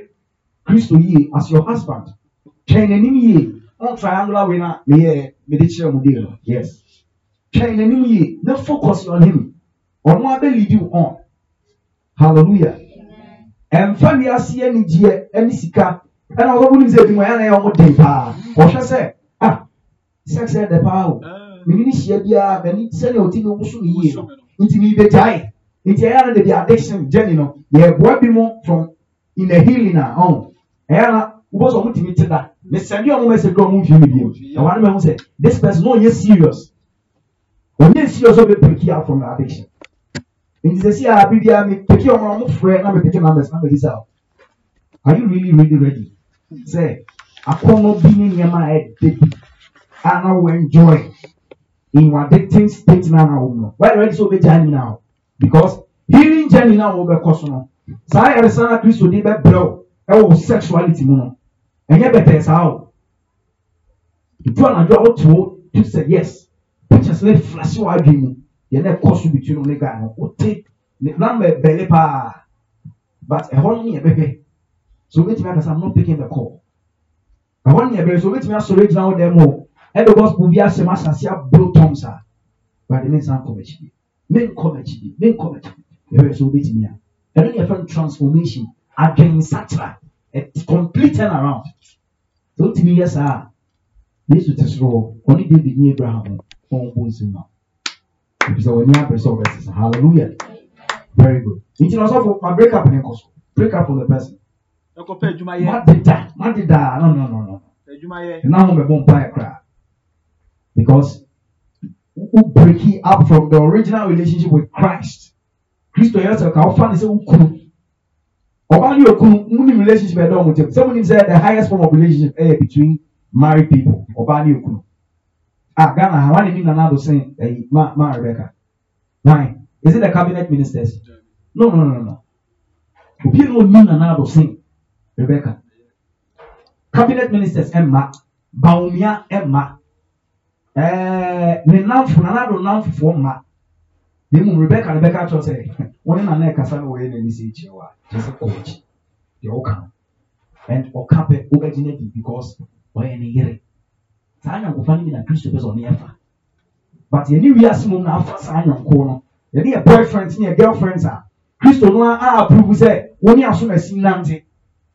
kristo yie as your husband twɛn n'anim yie ɔn triangular way na me mede kyerɛ mo deɛ no yes twɛn n'anim yie ne focus on him ɔno abɛlidi you on hallelujah ɛnfa wiase anigyeɛ ɛne sika ɛna ɔbɛbu nim sɛ adwumayɛ na ɛyɛ ɔmo den paa ɔhwɛ sɛ ah sex ɛ dɛ paa o mene ne hyia biara mani sɛnea ɔtumi woso me yie no nti meibɛgyae nti ɛyɛ no de bi addiction journey no yɛboa bi mu from in the healing a ɔn ɛyɛ na wobɔ sɛ ɔmotumi te da mesɛnde ɔmo mɛsɛ dɔ ɔmo mfie me bio ɛwa no mɛho sɛ this person no ɔnyɛ serious ɔnyɛ serious ɔbɛ break out from the addiction nti sɛ si a biribiara me peki ɔmo na ɔmo frɛ na me peki numbers na me gisa are you really really ready sɛ akɔnɔ bi ne nneɛma a ɛde bi a na wɔ enjoy in your dating state na na wɔn no wɔyɛ ready sɛ ɔbɛgya ɛni na o because healing journey na wɔn bɛkɔ so no saa yɛresa na kristo de bɛbrɛw ɛwɔ sexuality mu no ɛnyɛ bɛtɛ saa o ntu anadwo a wotu o to sɛ yes pictures ne flashe wɔ adwene mu yɛn na ɛkɔ so between no ne guy no o take ne nan bɛ bɛlɛ paa but ɛhɔ no ne yɛ bɛhwɛ so wobɛtumi akasa i'm not picking the call na wɔn nea ɛbɛyɛ so wobɛtumi asɔre gyina hɔ dɛm o ɛde gospel bi ahyɛ mu asase aburo tɔm but bade me nsan come akyi bi Main come akyi bi Main come akyi bi ɛbɛyɛ so wobɛtumi a ɛno yɛ fɛn transformation adwensatra a complete turn around so wotumi yɛ saa yesu te soro hɔ ɔne david ne abraham wɔn bɔ nsɛm na ebisa wɔn ani abere sɛ ɔbɛsesa hallelujah very good nti na ɔsɔfo ma break up ne nkɔ so break up for the person ɛkɔpɛ adwumayɛ madeda madeda no no no no adwumayɛ na mo bɛbɔ mpaeɛ koraa because wo breaking up from the original relationship with Christ Kristo yɛ sɛ ka wofa ne sɛ wokunu ɔba ne yɛkunu munim relationship ɛdɛ ɔmo ntam sɛ munim sɛ the highest form of relationship ɛyɛ between married people ɔba ne yɛkunu a ah, Ghana ha wani nim Nana Addo sɛn ɛyi ma ma Rebecca why is it the cabinet ministers no no no no obi no nim Nana Addo sɛn rebecca cabinet ministers ɛma baomia ɛma ɛɛ eh, ne nanfo nanado nanfofoɔ ma na emu rebecca rebecca atwere sɛ wɔn nana ɛkasa na wɔyɛ n'ani si ekyir wa kyerɛ sɛ ɔwɔ akyi deɛ ɔka no and ɔka pɛ ɔbɛgyina bi because ɔyɛ ne yere saa nyankofa no nyina kristo pɛ sɛ ɔne yɛ fa but yɛne wiase mu na afa saa nyanko no yɛde yɛ boyfriend ne yɛ girlfriend a ah. kristo no a apurubu ah, sɛ wɔne aso na si nante.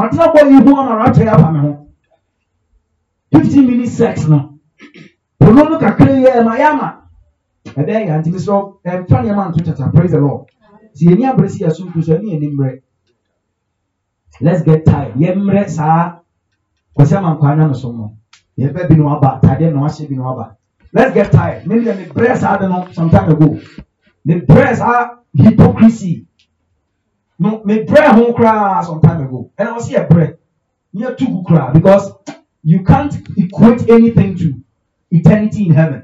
matena bɔ yi ho ama ratɔ aba me ho fifteen minutes sex no pono no kakra yi ɛma yɛ ama ɛdɛ yɛ ntumi sɔ eh, ɛmfa nneɛma nto kyata praise the lord si yɛn ni abere si yɛ so nkuruso ɛni yɛn ni mmerɛ let's get tired yɛ mmerɛ saa kwasi ama nkwa anya no so no yɛ bɛ bi na waba ataadeɛ na wahyɛ bi na waba let's get tired mi deɛ mi brɛ saa de no Sometime ago mi brɛ saa hypocrisy no me pray ho koraa some time ago and i was here pray near to koraa because you can't equate anything to eternity in heaven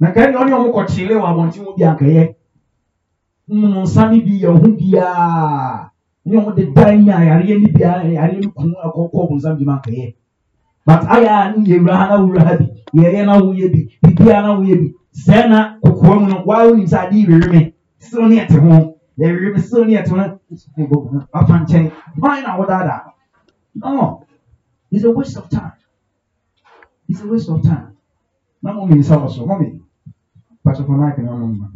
na nkae na ọ ní ọmọ kọchile wà wọn tí wọn bí akẹyẹ nnunu nsa ni bi yẹ ọhún biara ní ọmọ de dan yẹ ayareɛ ni biara ayareɛ ni kun ɛkɔkɔ ọmọ nsa bi ma akẹyẹ but aya ni yɛ wura ha na wura ha bi yɛ yɛ na wuyɛ bi bibiara na wuyɛ bi sɛ na kokoa mu no waa wuli nsa adi rere mi sisi wọn ni ɛte ho yɛwie so ne yɛtena afa nkyɛn hwan na wodada no it's a waste of time it's a waste of time na mo mmiɛnsa wɔ so mɔmi pastor mike na mo mma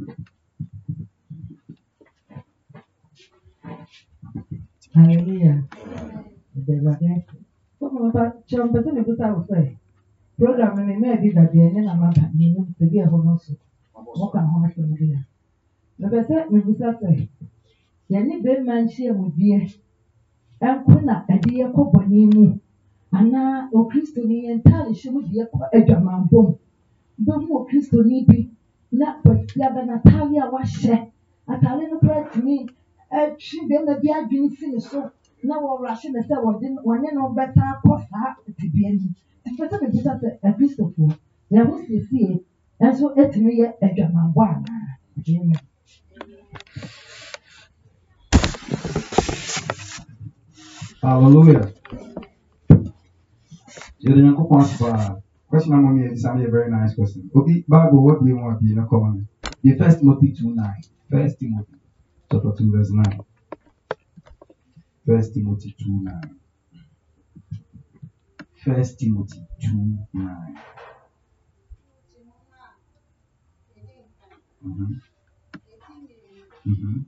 hallelujah sọfún mi pa kyerɛ mpɛ sɛ mebusa wo sɛ program no mmaa bi dadeɛ ɛnyɛ na maba menim sɛ bi mepɛ sɛ mebisa sɛ yɛne bɛrima nhyiamudeɛ nko na ɛde yɛ kɔ bɔne mu anaa okristoni yɛn ntaare hyɛ mu de yɛ kɔ adwamammɔ okristoni bi na bɛsiaba n'ataare a wahyɛ ataare no koraa tumi atwi bɛrima bi adwene si ne so na wɔwura hyɛ ne sɛ wɔde wɔne no bɛta akɔ saa tibea mu mepɛ sɛ mebisa sɛ akristofoɔ yɛn ho siesie nso tumi yɛ adwamammɔ anaa amen. alleluja yɛde nyankokɔn sfa questionamamiabisameyɛ very nice pesson obi bago wa bie mu abii ne kɔmne me fist timothy 29 fist timoty ca2ves 9 fist timothy 29 fist timothy 29 Mhm.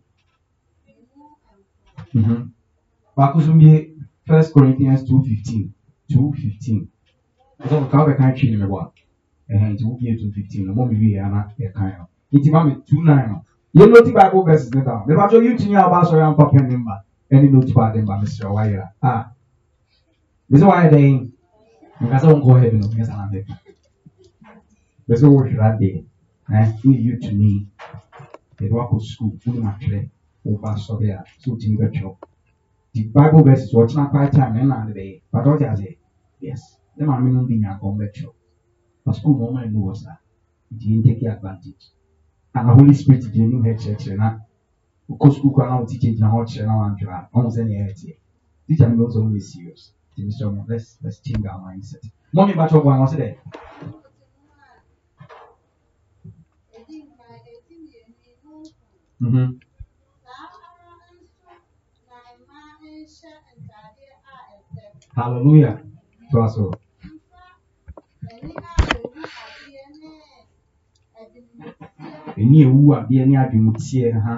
Mhm. Baako nso yɛ First Corinthians two fifteen two fifteen. Ɔsɔ nka ɔbɛka twi ne mɛbɔ a ɛhɛn nti wubie two fifteen na mɔmi wie ana ɛka yɛ nti maami two nine no yɛn n'oti baako verses ne ta mɛbatɔ yi tun yɛ aba asɔre ampa pɛn ne mba ɛne n'oti baade mba mesrɛ wayɛ a a bɛsɛ wayɛ dɛ yi nkasa wɔn kɔɔ hɛ bi no nkasa na bɛ bɛsɛ wɔhwɛ adeɛ ɛn wuli yi tun yi yɛde wakɔ sukuu wone atwerɛ woba sɔre a sɛ wotumi bɛtwerɛ The bible verses watching kwa kyɛ a ne na but all but ɔte aseɛ yes ne maame no bi nya nkɔm job. but sukuu ma ɔma that. wɔ didn't take yɛntaki advantage and the holy spirit de anim ha kyerɛkyerɛ na wokɔ sukuu kora na wo tikya gyina hɔ kyerɛ na wantwerɛ a ɔmo sɛ neɛ ɛteɛ teacher no bɛ wo sɛ wonyɛ serious nti let's let's change our mindset mɔmi bakyɛ ɔboa no ɔsɛ dɛ Mm-hmm. hallelujah so asoeni ewu abeɛ ne adwem tiɛ n ha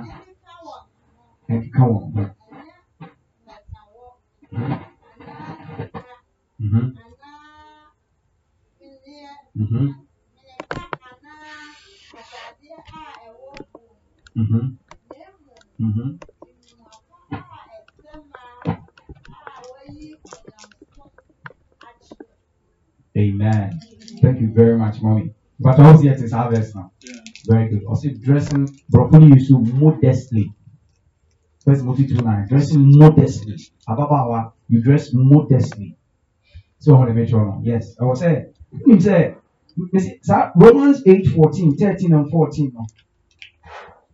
enkeka wɔ o Mm-hmm. Mm-hmm. Amen. Thank you very much, mommy. But also it is is harvest now. Yeah. Very good. Also, dressing broccoli you should modestly. First multitude nine. Dressing modestly. our you dress modestly. So I want to make sure. Yes. I was say. Romans 8, 14, 13 and 14.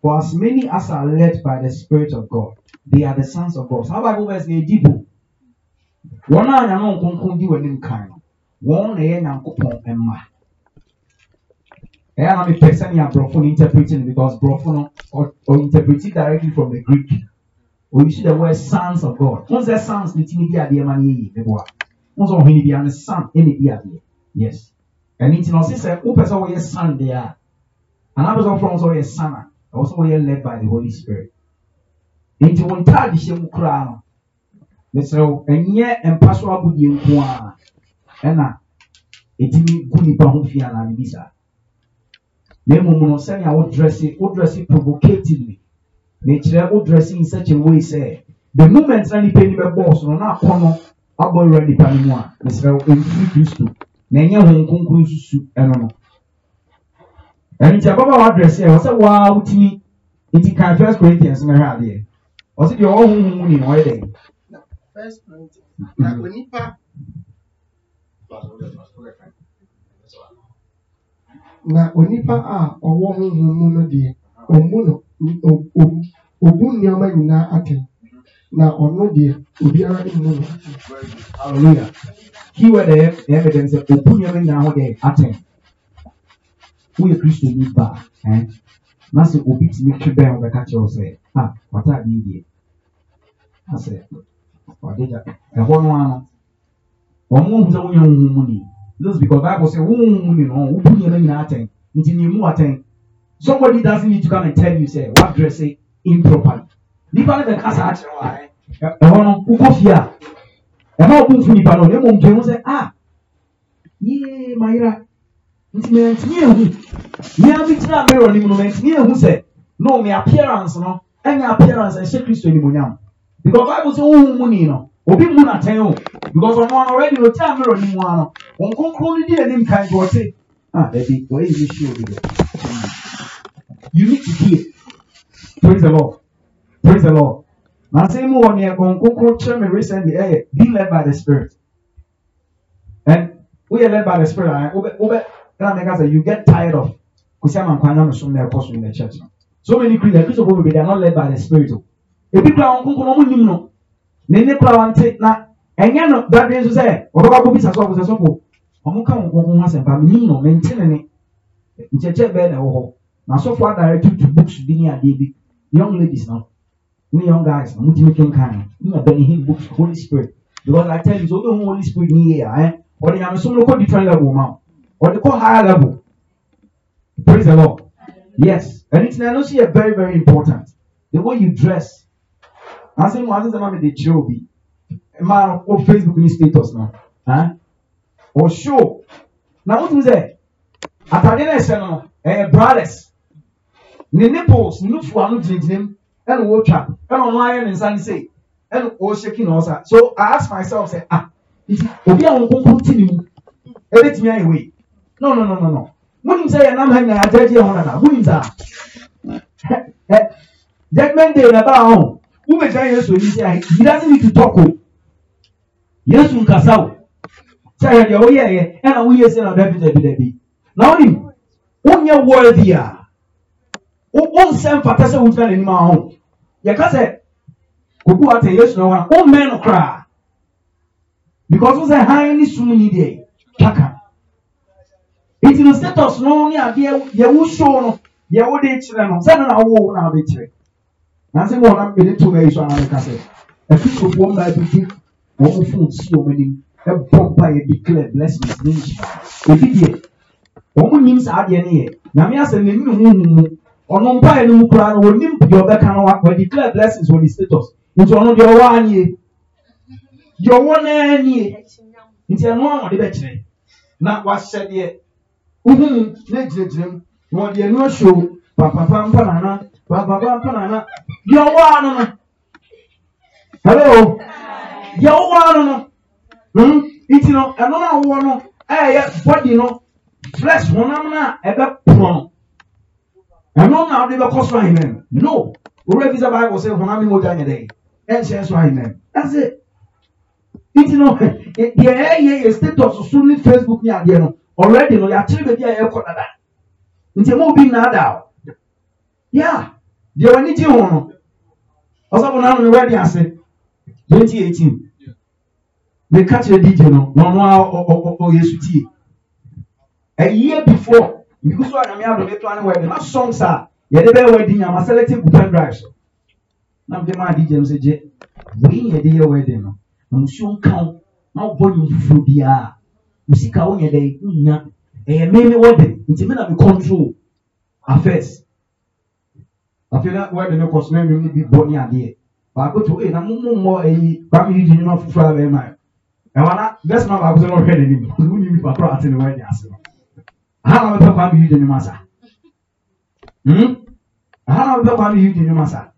For as many as are led by the Spirit of God, they are the sons of God. How Bible verse na edi bo. Wɔn a nyama nkonkon di wɔn anim One no, wɔn na ɛyɛ nyankopɔn mma. Ɛyɛ I am a person who is no interpreting because borɔfo or interpreting directly from the Greek. you see the word sons of God. What's sɛ sons ne ti ne di man here, ne yie ne boa. Wɔn sɛ ɔhene son ɛna di adeɛ. Yes. And ti na since sɛ wopɛ sɛ wɔyɛ son deɛ a, anam sɛ ɔfrɔm sɛ ɔyɛ son ɛwɔ sɛ wɔyɛ led by the holy spirit nti wɔn ntaade hyɛ mu koraa no mesrɛw ɛnyɛ mpa so agodie nko a ɛna ɛtumi gu nipa ho fi anaa bibi saa na mmom no sɛnea wodrɛse wodrɛse provocatively na wodrɛse in such a way sɛ the moment na nipa anim ɛbɔɔ so no na akɔ no abɔ awura nipa no mu a mesrɛw ɛmfiri kristo na ɛnyɛ ho nkonkron susu ɛno no ɛnti ababaawa adrɛsɛ ɛwɔ sɛ waa wotumi nti kan first corinthians mm-hmm. na hwɛ adeɛ di deɛ ɔwɔ huhu mu ni ɔyɛ dɛ. first corinthians na onipa. na onipa a ɔwɔ huhu mu no deɛ ɔmu no obu nneɛma nyinaa atɛn na ɔno deɛ obiara ne mu no hallelujah keyword ɛyɛ ɛyɛ bɛtɛ nsɛ obu nneɛma nyinaa ho deɛ atɛn woyɛ kristoni ba ɛn na sɛ obi tumi twe bɛn wo bɛka kyerɛ wo sɛ a w'ataadeɛ deɛ na sɛ ɔde gya ɛhɔ no ara no wɔn mo hu sɛ wonyɛ honhom mu ni this is because bible say honhom mu ni no wobu nneɛma nyinaa atɛn nti ne mu atɛn somebody doesn't need to come and tell you say w'adresse improperly nipa no bɛka saa kyerɛ wo ayɛ ɛhɔ no wokɔ fie a ɛma wo bo mfu nipa no na mmom dwe ho sɛ a yee mayera Me ehu yɛn bi mirror no appearance no ɛnyɛ appearance ɛhyɛ kristo animonyam because I sɛ ohun mu no obi mu na at o because ɔno already ɔte a mirror no mu ano wɔn kɔnkɔn no di anim kan ah baby, where is this si you need to hear praise the lord praise the lord na say, mu wɔ nea kɔnkɔnkɔn kyerɛ recently be led by the spirit And we are led by the spirit ɛna mɛka sɛ you get tired of kò sí àmà nkwa náà sùn náà ɛkɔ so in the church no so many Christians Christians people they are not led by the spirit o ebi kura wɔn kunkun wɔn nim no ne ne kura wɔn ti na ɛnyɛ no dabi nso sɛ ɔbɛba kɔ bisa sɔfo sɛ sɔfo wɔn ka wɔn kunkun wɔn asɛmpa mi nim no mɛ nti ne ne nkyɛnkyɛn bɛɛ na ɛwɔ hɔ na sɔfo adare tutu books bi ne adeɛ bi young ladies no ne young guys no mo ti mi kankan no ne na bɛn him books holy spirit because I tell you so o bɛ hu holy spirit ni yie ya ɛ ɔde nyamesom no kɔ different level ma o wɔde kɔ higher level praise the lord yes ɛno ti na ɛno nso yɛ very very important the way you dress ase mu ase sɛ maame de kyerɛ obi mmaa no wɔ facebook ni status na wɔ show na wotum sɛ atade na ɛhyɛ no ɛyɛ eh, brothers ne nipples ne nufu ano gyinagyina mu ɛna wɔtwa ɛna ɔno ayɛ ne nsa ne se ɛna ɔrehyɛki na ɔsa so i ask myself sɛ ah obi a wɔn nkonkron ti ne mu ɛbɛtumi ayɛ wei no no no no no wonim sɛ yɛnam ha nyinaa yɛagyagye ho nana wonim saa judgment day na baa ho wobɛgyina yesu ani sɛ he doesn't need to talk o yesu nkasa o sɛ yɛ deɛ woyɛɛyɛ ɛna woyɛ sɛ na dabi dabi dabi na wonim wonyɛ worthy a wonsɛ mfata sɛ wogyina n'anim aho yɛka sɛ kogu ata yesu na wɔn a wommɛn no koraa because wosɛ hann ne sum ni deɛ kaka nti no status no ne adeɛ yɛwo show no yɛwo de kyerɛ no sɛno na awo na ade kyerɛ nansi wɔn nam mede to ayi so ana meka sɛ afisofoɔ mmaa bi di wɔn mo phone si wɔn anim ɛbɔ mpa yɛ declare blessings ne nhyira ebi deɛ wɔn mo nim saa adeɛ no yɛ nyame asɛm na ɛnum huhu mu ɔno mpa yɛ no mu koraa no wɔn nim deɛ ɔbɛka no wa declare blessings wɔ ne status nti ɔno deɛ ɔwɔ anie deɛ ɔwɔ naa nie nti ɛno a wɔde bɛkyerɛ na wahyɛ deɛ wohuu ne gyinagyina mu wɔde ɛnu ahyɛ o papapa mpa nana papapa mpa nana deɛ ɔwɔ ano no hello deɛ ɔwɔ ano no hmm nti no ɛno na ɔwɔ no ɛyɛ body no flesh honam na ɛbɛ e, pono no ɛno na ɔde bɛkɔ e, so ahenem no owurɛ bi sɛ baako sɛ honam ne mogya nyɛ dɛ ɛnhyɛ so ahenem ɛsɛ nti no deɛ ɛyɛ yɛ status so ne facebook ne adeɛ no already no yɛakyere baabi a yɛrekɔ dada nti ɛma obi nnaadaw ya deɛ w'ani gye ho no ɔsɔfo no anome wɛde ase 2018 meka kyerɛ dj no na ɔno a ɔyɛ su tie a year before mbigu so a nyame adome to ane wɛde na songs a yɛde bɛyɛ wɛde nyama selective gu pen drive drives. na mede maa dj no sɛ gye wei yɛde yɛ wɛde no na musuo nka wo na wobɔ nwom foforɔ biara osika wonyɛ dɛ nya ɛyɛ mimi wɔde nti mi na mi control affairs afei na wɔde ne kɔ so na nnwom no bi bɔ ne adeɛ baako to ee na mo mo mmɔ ɛyi baabi yi di nnwuma foforɔ a bɛyɛ maa ɛwɔ na bɛsi ma baako sɛ ɔhwɛ n'anim ɔno ni nipa koro ate ne wɔn ani ase no aha na wɔpɛ baabi yi di nnwuma sa hmm aha na wɔpɛ baabi yi di nnwuma sa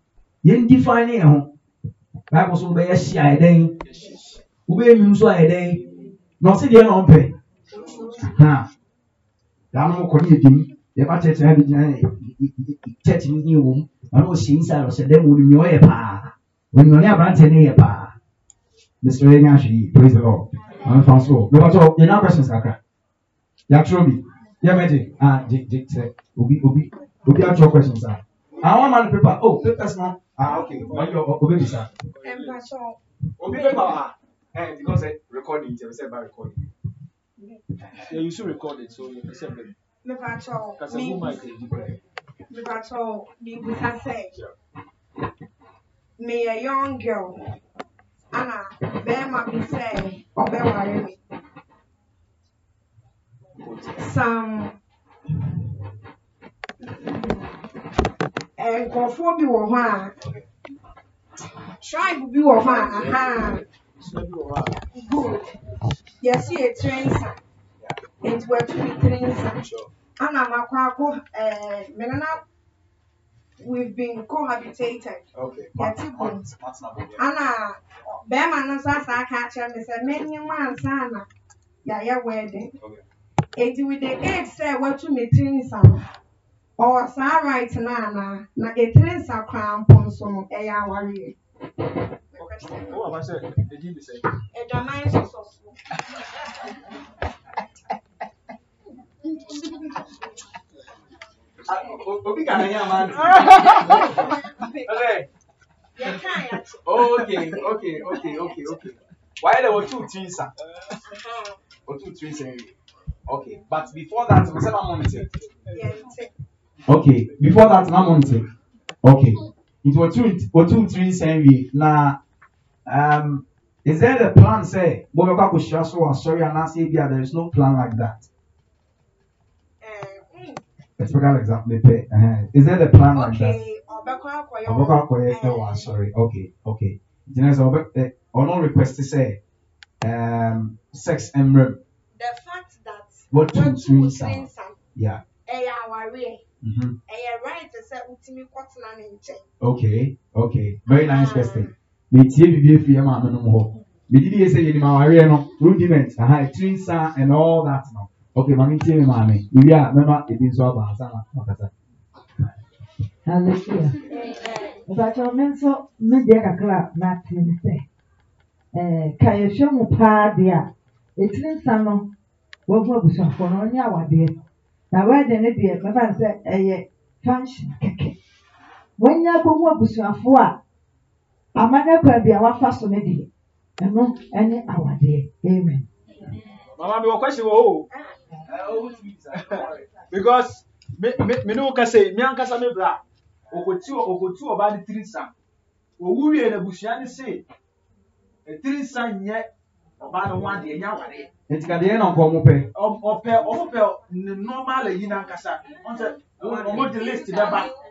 yɛn define yɛn ho baako so bɛyɛ hyia ɛdɛn wobɛyɛ mi nso a ɛdɛn na ɔsi deɛ na ɔmpɛ ha daanum kɔ ne yɛ dim yɛ ba kyerɛkyerɛ ha bi gyina kyɛkye ne yɛ wɔm ɔno ɔhyɛ nsa ɔhyɛ dɛm wɔn nyɛ ɔyɛ paa wɔn nyɛ aberanteɛ ne yɛ paa mr yɛ nyɛ ahwɛ yi praise the lord ɔno fa so bɛ bɔtɔ yɛ na questions kakra yɛatwerɛ bi yɛ mɛ gye ah gye gye sɛ obi obi obi atwerɛ questions a àwọn ọmọ ní pépà oh pépà sinmi ah ok ọjọ obi bisa obi pépà wà. Eh, because eh, recording, you said by recording. Yeah, you should record it, so you said that. Me pacho. a mo mic you di ba? Me pacho, di ko kasi. Me a young girl. Ana, bema bi say, obe ware me. Some nkurɔfoɔ bi wɔ hɔ a tribe bi wɔ hɔ a ahaa Good. Yɛsi yɛ e tiri nsa. Nti wɔtu mi e tiri nsa. Ana m akɔ akɔ ɛɛ eh, menana we've been cohabitated. Okay. Yɛti bom. Ana bɛrima no nso asa aka akyerɛ mi sɛ mu ansa na yɛayɛ wedding. Nti with the age sɛ wɔtu mi tiri nsa no. Ɔwɔ saa right na na etiri nsa kwan pɔn so no e ɛyɛ awareɛ. What am I saying? The gym is saying. A drama is successful. Obi can hear man. Okay. Okay, okay, okay, okay, okay. Why there were two twins, sir? Or two twins, Okay, but before that, we said I'm on it. Okay, before that, I'm on it. Okay. two. It was two nsɛn wie na Um, is there a plan, say, Mobaka Kushiaso and Sorry and Nancy India? There is no plan like that. Typical eh, hmm. example, eh, eh. is there a plan like that? sorry, okay, okay. You request to say, um, sex and rem. The fact that what two Yeah. Mm-hmm. Okay, okay, very nice ah. question. metie biribi efiri yɛ maame nom hɔ megye di yɛ sɛ yɛnim awareɛ no rudiment aha etiri nsa and all that no okay maame tie mi maame ewi a mɛma ebi nso aba asa na makasa. hallelujah mpatsɔ mi nso mi deɛ kakra n'ate mi sɛ ɛɛ eh, ka ehwɛ mu paa deɛ a etiri nsa no wɔbu abusuafo no ɔnyɛ awadeɛ na wɔyɛ ne deɛ mɛma sɛ ɛyɛ function kɛkɛ wɔnyɛ abɔmu abusuafo a amanyɛ kwa bi a wafa so ne deɛ ɛno ɛne awadeɛ amen. mama mi wɔ kwesi wɔ o because me me me ne wo kasa yi mi ankasa mi bra okotu okotu ɔbaa ne tiri san owu wie na busua ne se etiri san nyɛ ɔbaa ne ho adeɛ nyɛ awadeɛ. etikadeɛ na nkɔn mo pɛ. ɔpɛ ɔmo pɛ ne normal yi na ankasa ɔmo de list bɛba.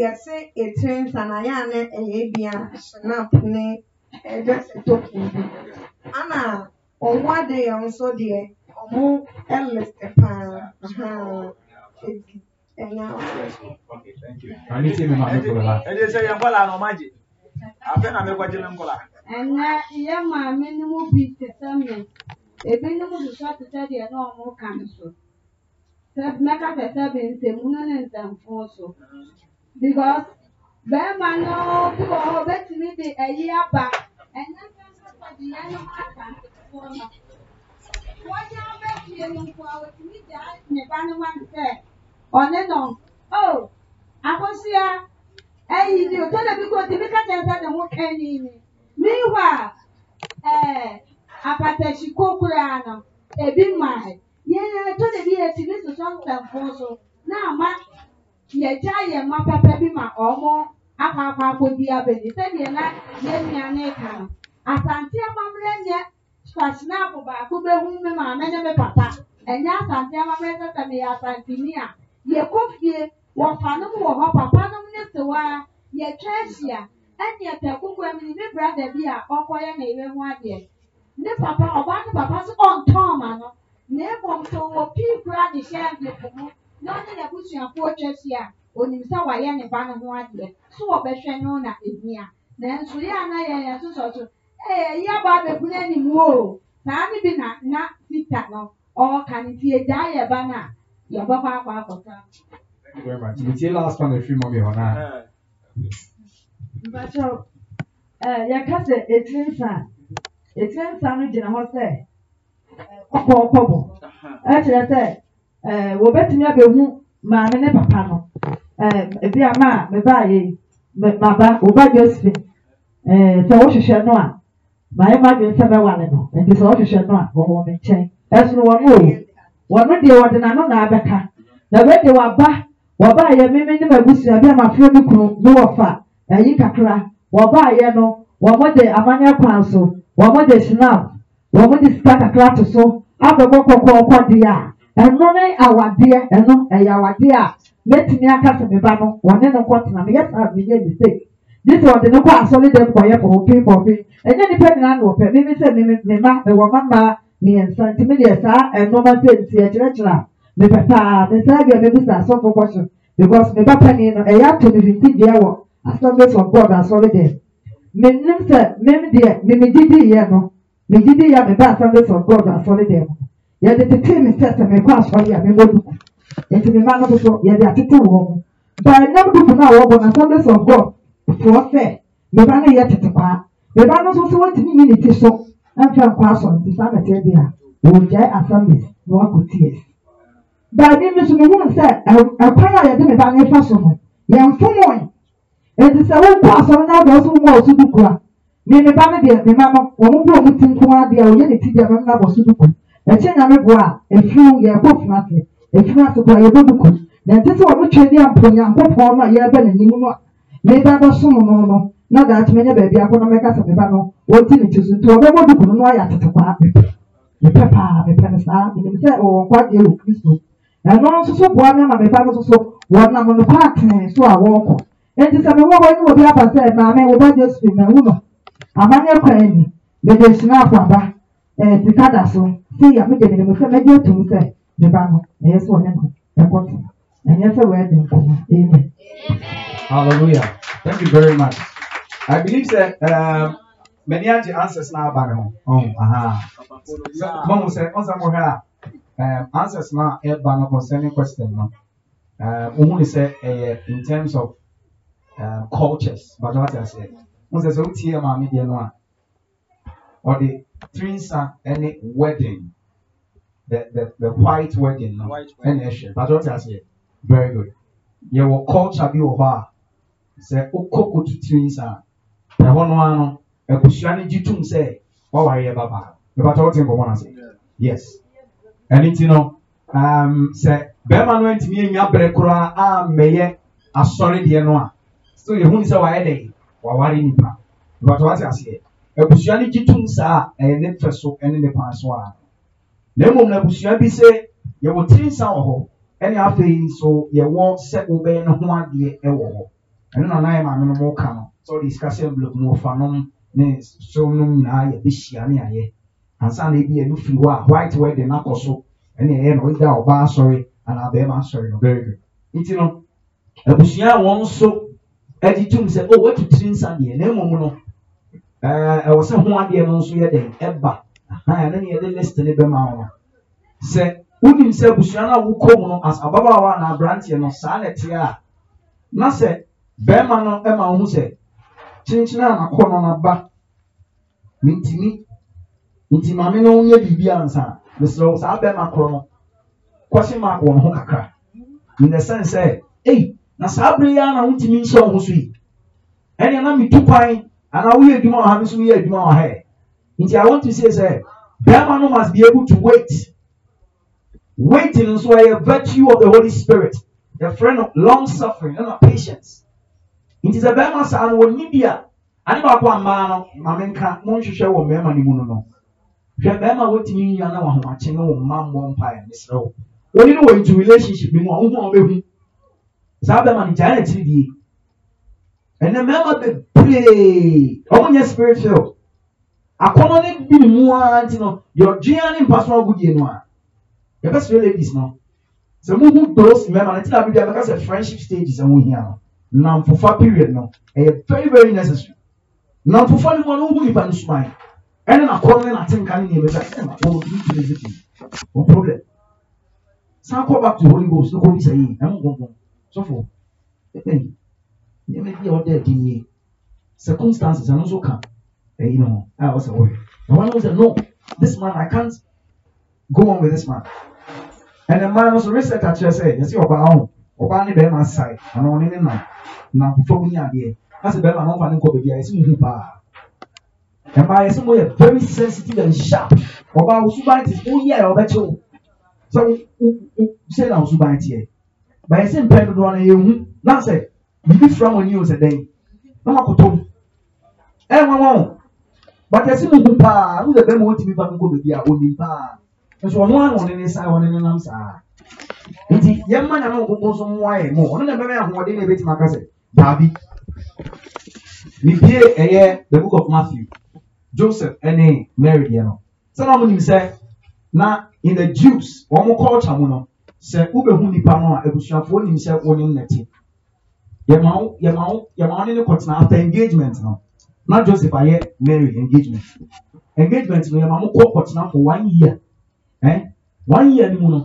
yɛse etire nsanaya ne ɛyɛ bia snap ne ɛdwɛsɛ token bi ɛna ɔmo ade yɛn nso deɛ ɔmo ɛlist paa eti ɛnya. Ani ti mi maa mi kura la. Ɛdi sɛ yɛn kɔla na ɔma gye. Afɛn na mi kɔ gye mi nkɔla. Ɛnɛ yɛ maame ne mu bi te mi. Ebinom soso te sɛ deɛ na ɔmo ka no so. Mɛka sɛ sɛ bi ntɛmu ne ne ntɛmfo so because bɛrima no bi wɔ hɔ obetumi de ɛyi aba ɛnyɛ sɛ de yɛn no aka nketewa no wɔnyɛ abɛfie no mpo a wotumi gya ne ba no ma sɛ ɔne no o akɔsia ɛyi ni o tɔlɛ bi ko tèmi kata ɛsɛ de ho kɛni ni meanwhile ɛɛ apatakyi kokura no ebi maa yɛn tɔlɛ bi yɛ tèmi soso nsɛmfo so na ama yɛgya yɛn mma pɛpɛ bi ma ɔmo akɔ akɔ akɔdi abɛni sɛdeɛ na yɛn nuane ka no asante amammerɛ nyɛ fashionable baako bɛhu me maame ne me papa ɛnyɛ asante amammerɛ sɛ sɛ meyɛ asanteni a yɛkɔ fie wɔfa nom wɔ hɔ papa nom ne sewa yɛtwa ahyia ɛne ɛtɛ kukua mu ne me brada bi a ɔkɔyɛ ne yere ho adeɛ ne papa ɔbaa ne papa so ɔntɔn ma no na emom so wɔ pii kura de hyɛ ɛnde po mu n'ọnye na-ebusuafoɔ twa si a onim sɛ wayɛ ne ba ne ho adeɛ so wɔbɛhwɛ no na ehia nanso yɛ ana yɛ yɛ soso so ɛɛ yɛ ba abɛgu n'anim o saa ne bi na na sita no ɔɔka ne tie gyaa yɛ ba na yɛbɛkɔ akɔ akɔta. Thank you very much. Ntie last one efi mɔmi hɔ naa. Mbakyɛw ɛɛ yɛka sɛ etiri nsa etiri nsa no gyina hɔ sɛ ɔkɔɔkɔ bɔ ɛkyerɛ sɛ ɛɛ eh, wɔbɛtumi abehu maame ne papa no ɛɛ eh, ebi ama a mebaa yɛ yi maba ɔba josephine eh, ɛɛ sɛ wɔhwehwɛ no a maame ma adwene sɛ bɛwale no nti sɛ wɔhwehwɛ no a wɔwɔ me nkyɛn ɛsono wɔn o wɔn deɛ wɔde n'ano na abɛka na wɔde waba wɔba yɛ mímí ne ma busua bi ama fio ne kunu ne wɔfa ɛyi kakra Waba yɛ no wɔn de amanyɛ kwan so wɔn de snap wɔn de sika kakra to so abɛbɔ kɔkɔɔ kɔdeɛ a ɛno ne awadeɛ ɛno ɛyɛ awadeɛ a mɛtumi aka sɛ me ba no wɔne no nkɔ tena meyɛ saa meyɛ mistake this wɔde no kɔ asɔre dɛm kɔyɛ pɔpin pɔpin ɛnyɛ nipa nyinaa na wɔpɛ mimi sɛ mimi mima ɛwɔ mama mmiɛnsa nti mi deɛ saa ɛnɔɔma sɛ nti ɛkyerɛkyerɛ a mepɛ paa ne saa deɛ mebi sɛ asɔfo kɔhyɛ because me ba panyin no ɛyɛ ato ne fiti deɛ wɔ asɔre sɔ god asɔre dɛm menim sɛ mimi deɛ mimi gidi yɛ no me gidi yɛ me ba asɔre sɔ god asɔre dɛm no yɛde tetee me sɛ sɛ mekɔ asɔre a memmɔ duku nti me mma no nso yɛde atete wɔn mu baa nam duku no a wɔbɔ na assemblies of god foɔ sɛ me ba no yɛ tete paa me ba no nso sɛ wɔntumi nyi ne ti so ɛmfɛ nkɔ asɔre nti saa bɛtɛ bi a wɔgyae assemblies na wakɔ tears baa bi mi nso sɛ ɛkwan a yɛde me ba no fa so no yɛmfomoe nti sɛ wonkɔ asɔre na wode ɔso mu a ɔso duku a me me ba no deɛ me ma no wɔn bɔ ɔmo ti nko ara deɛ ɔyɛ ne ɛkyɛ nyame boɔ a efiw yɛkɔ funu ase efiw ase boɔ yɛbɛ duku na nti sɛ wɔn twɛ ne mpo nyankopɔn no a yɛbɛ n'anim no a meba bɛsom no no na daakye mɛnyɛ baabi akɔ na mɛka sɛ meba no wɔn ti ne ti so nti wɔbɛbɔ duku no no ayɛ atete kwaa mepɛ paa mepɛ no saa menim sɛ wɔwɔ kwadeɛ wɔ kristo ɛno nso so boa me ama meba no nso so wɔnam no paatee so a wɔrekɔ nti sɛ mewɔ hɔ ne obi aba sɛ maame wo ba jesu na wu no amanneɛ kwan ni sika da so sei a megye menim sɛ mɛgye atom sɛ me ba no ɛyɛ sɛ ɔne no ɛkɔto ɛnyɛ sɛ wɔadi nkɔmmɔ amen hallelujah thank you very much i believe sɛ uh, many of the answers na aba ne ho mahu sɛ ɔsɛ mohwɛ a answers na ɛba no concerning question no wohunu sɛ ɛyɛ in terms of uh cultures but what I said. Mo sɛ sɛ wotie maame deɛ no a ɔde tirinsa ɛne wedding the the the white wedding no ɛna ɛhyɛ pàtó ɔte aseɛ very good yɛwɔ culture bi wɔ hɔ a sɛ okɔ kotu tirinsa ɛhɔ no ano abusua no gye tum sɛ wɔware yɛ baba pàtó ɔte nkɔmɔ n'ase yes ɛne ti no um, sɛ bɛrima no ntumi enya bere koraa a mɛyɛ asɔre deɛ no a so yɛhu sɛ wayɛ dɛ waware nipa pàtó ɔte aseɛ abusua no gye tom saa ɛyɛ ne fɛ so ne ne kwan so a na mmom na abusua bi sɛ yɛwɔ tiri nsa wɔ hɔ ɛne afei nso yɛwɔ sɛ wobɛyɛ no ho adeɛ wɔ hɔ ɛno na nan maame no wɔka no sɛ ɔde discussion block mu ɔfanom ne so nom nyinaa yɛbɛhyia ne ayɛ ansa na ebi ɛnu firi hɔ a white wedding akɔ so ɛne ɛyɛ na ɔda ɔbaa asɔre anaa bɛrima asɔre no bɛrɛ nti no abusua a wɔn nso ɛde tum sɛ o oh, watu tiri nsa deɛ na mmom no ɛwɔ sɛ ho adeɛ no nso yɛ den ɛba ɛna ne yɛde list ne bɛma wɔn sɛ wonim sɛ abusua no a wokɔ mu no as ababaawa na aberanteɛ no saa na ɛteɛ a na sɛ bɛrima no ɛma wo ho sɛ kyenkyen a nakɔ no naba mentimi nti maame no nyɛ biribi ansa mesrɛ saa bɛrima korɔ no kɔhye mark wɔ ne ho kakra in the sense sɛ ei na saa bere yi a na wontumi nhyɛ wo so yi ɛneɛ na metu kwan And anaa woyɛ adwuma wɔ ha no nso woyɛ adwuma wɔ ha nti i want to say sɛ bɛrima no must be able to wait waiting nso ɛyɛ virtue of the holy spirit the friend of long suffering ɛna patience nti sɛ bɛrima saa no wɔnni bi a ade baako amaa no maame nka monhwehwɛ wɔ mmarima no mu no no hwɛ bɛrima a wɔtumi nwa na wahomakye ne wo mma mmɔ mpaeɛ mesrɛ wo wɔne no wɔ into relationship bi mu a wohu a wobɛhu saa bɛrima no gyae n'akyiri die And the member wɔn pray, spiritual akɔnɔ ne bi ne mu ara nti no deɛ ɔdua ne mpa so agodie no a best sɛ ladies no sɛ mo hu those mmarima no ti na abidua bɛka sɛ friendship stages ɛho hia no namfofa period no ɛyɛ very very necessary namfofa ne mu a no hu nipa no sumae ɛne n'akɔnɔ ne n'atenka ne nneɛma bi a ɛna wɔn ti ti ne ti ti wɔn problem san kɔ back to holy ghost ne kɔ bi I'm going ɛmo gbɔngbɔn sɔfo ɛpɛn nneɛma bi a ɔda adi yie circumstances ɛno nso ka ɛyi no ho a ɔsɛ wɔyɛ na wɔn sɛ no this man i can't go on with this man ɛnna mmaa no so reset akyerɛ sɛ yɛsi ɔbaa ho ɔbaa ne bɛrima sae ana ɔne ne nam nam fufuo ne adeɛ asɛ bɛrima no nfa ne nkɔ baabi a yɛsi mu hu paa mmaa yɛsi mu yɛ very sensitive and sharp ɔbaa osuban ti woyi a ɔbɛkyew sɛ wo wo sɛ na osuban tiɛ bayɛsi mpɛn dodoɔ no yɛ hu na sɛ biribi fira wɔn yi o sɛ dɛn na wɔn akoto mu ɛn wɔn wɔn bàtà si mu hu paa ɛmu dɛ bɛrɛ mu wɔntumi ba mu kɔ beebi a onim paa nso wɔn ano wɔn ne san wɔn ne nam saa nti yɛn mma nyame nkonkon so mu ayɛ mu ɔno na bɛrɛ ahoɔden na ebetumi aka sɛ daabi bibie ɛyɛ the book of matthew joseph ɛne mary deɛ no sani wɔn nim sɛ na in the jews wɔn culture mu no sɛ wobɛhu nipa no a abusuafoɔ nim sɛ wɔn ne nɛte. yɛma wo yɛma wo yɛma kɔtena after engagement no na joseph ayɛ mary engagement engagement no yɛma mo kɔ kɔtena for one year ɛn eh? one year no mu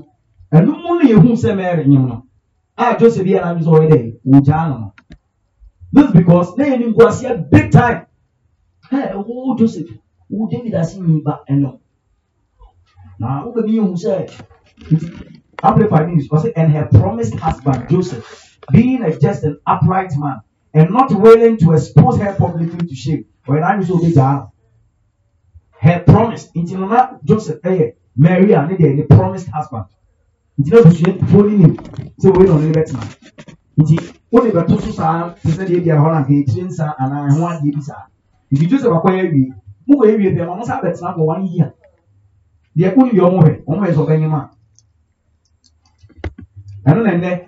eh, no ɛnu mu no yɛhu sɛ mary nyim no a ah, joseph yɛ n'anu sɛ ɔyɛ dɛ ɔgyaa no no this because na yɛ ni nkwasiɛ big time ɛ eh, ɛwɔ oh, joseph wɔ oh, david ase nyi ba ɛnɔ na wɔ bɛbi yɛhu sɛ amplified news ɔsɛ and her promised husband joseph. being a, just an upright man and not willing to expose her publicly to shame. When I so bitter, her promise, nti nana Joseph ɛyɛ eh, Mary a ne deɛ promised husband nti na busua pulling him. So we don't need that man. bɛ tena nti wo ne bɛto so saa te sɛ deɛ bi a hɔ na nka etire nsa anaa ɛho adeɛ bi saa nti Joseph akɔyɛ awie mo kɔ awie bɛn ma mo sa abɛtena for one year They are ne your ɔmo hwɛ ɔmo yɛ sɛ ɔbɛnyɛ mu a ɛno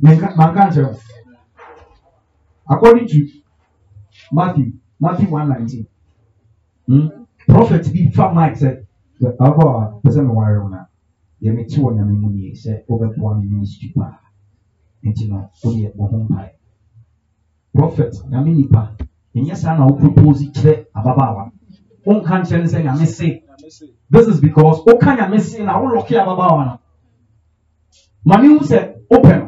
maka nkyerɛ according to matthew matthew one nineteen hmm? prophet bi fa mic sɛ ɔbɔ a pɛsɛ mi wari wɔn a yɛ mi ti wɔ nyame mu nie sɛ ɔbɛboa mi ministry paa nti no ɔyɛ ɔho mpae prophet nyame nipa ɛnyɛ saa na ɔpropose kyerɛ ababaawa ɔnka nkyerɛ ne sɛ nyame se this is because ɔka nyame se na ɔlɔke ababaawa na. maame hu sɛ open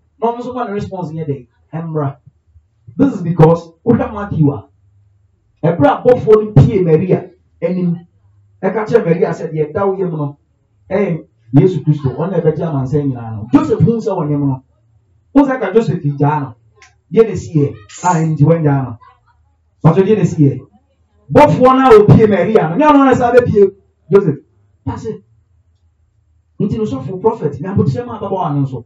na ɔno nso ma ne response yɛ dɛ ɛmra this is because wohwɛ matthew a ɛberɛ abɔfoɔ ah, no pie maria anim ɛka kyerɛ maria sɛ deɛ ɛda wo yam no ɛyɛ yesu kristo ɔno ɛbɛgye amansa nyinaa no joseph hu sɛ wɔnem no wo sɛ ka joseph gyaa no deɛ ne siyɛ a nti wɔngyaa no wato deɛ ne siyɛ bɔfoɔ no a wɔpie maria no nyɛ no na saa bɛpie joseph pase nti no sɔfo prophet nyabotire ma ababaawa no nso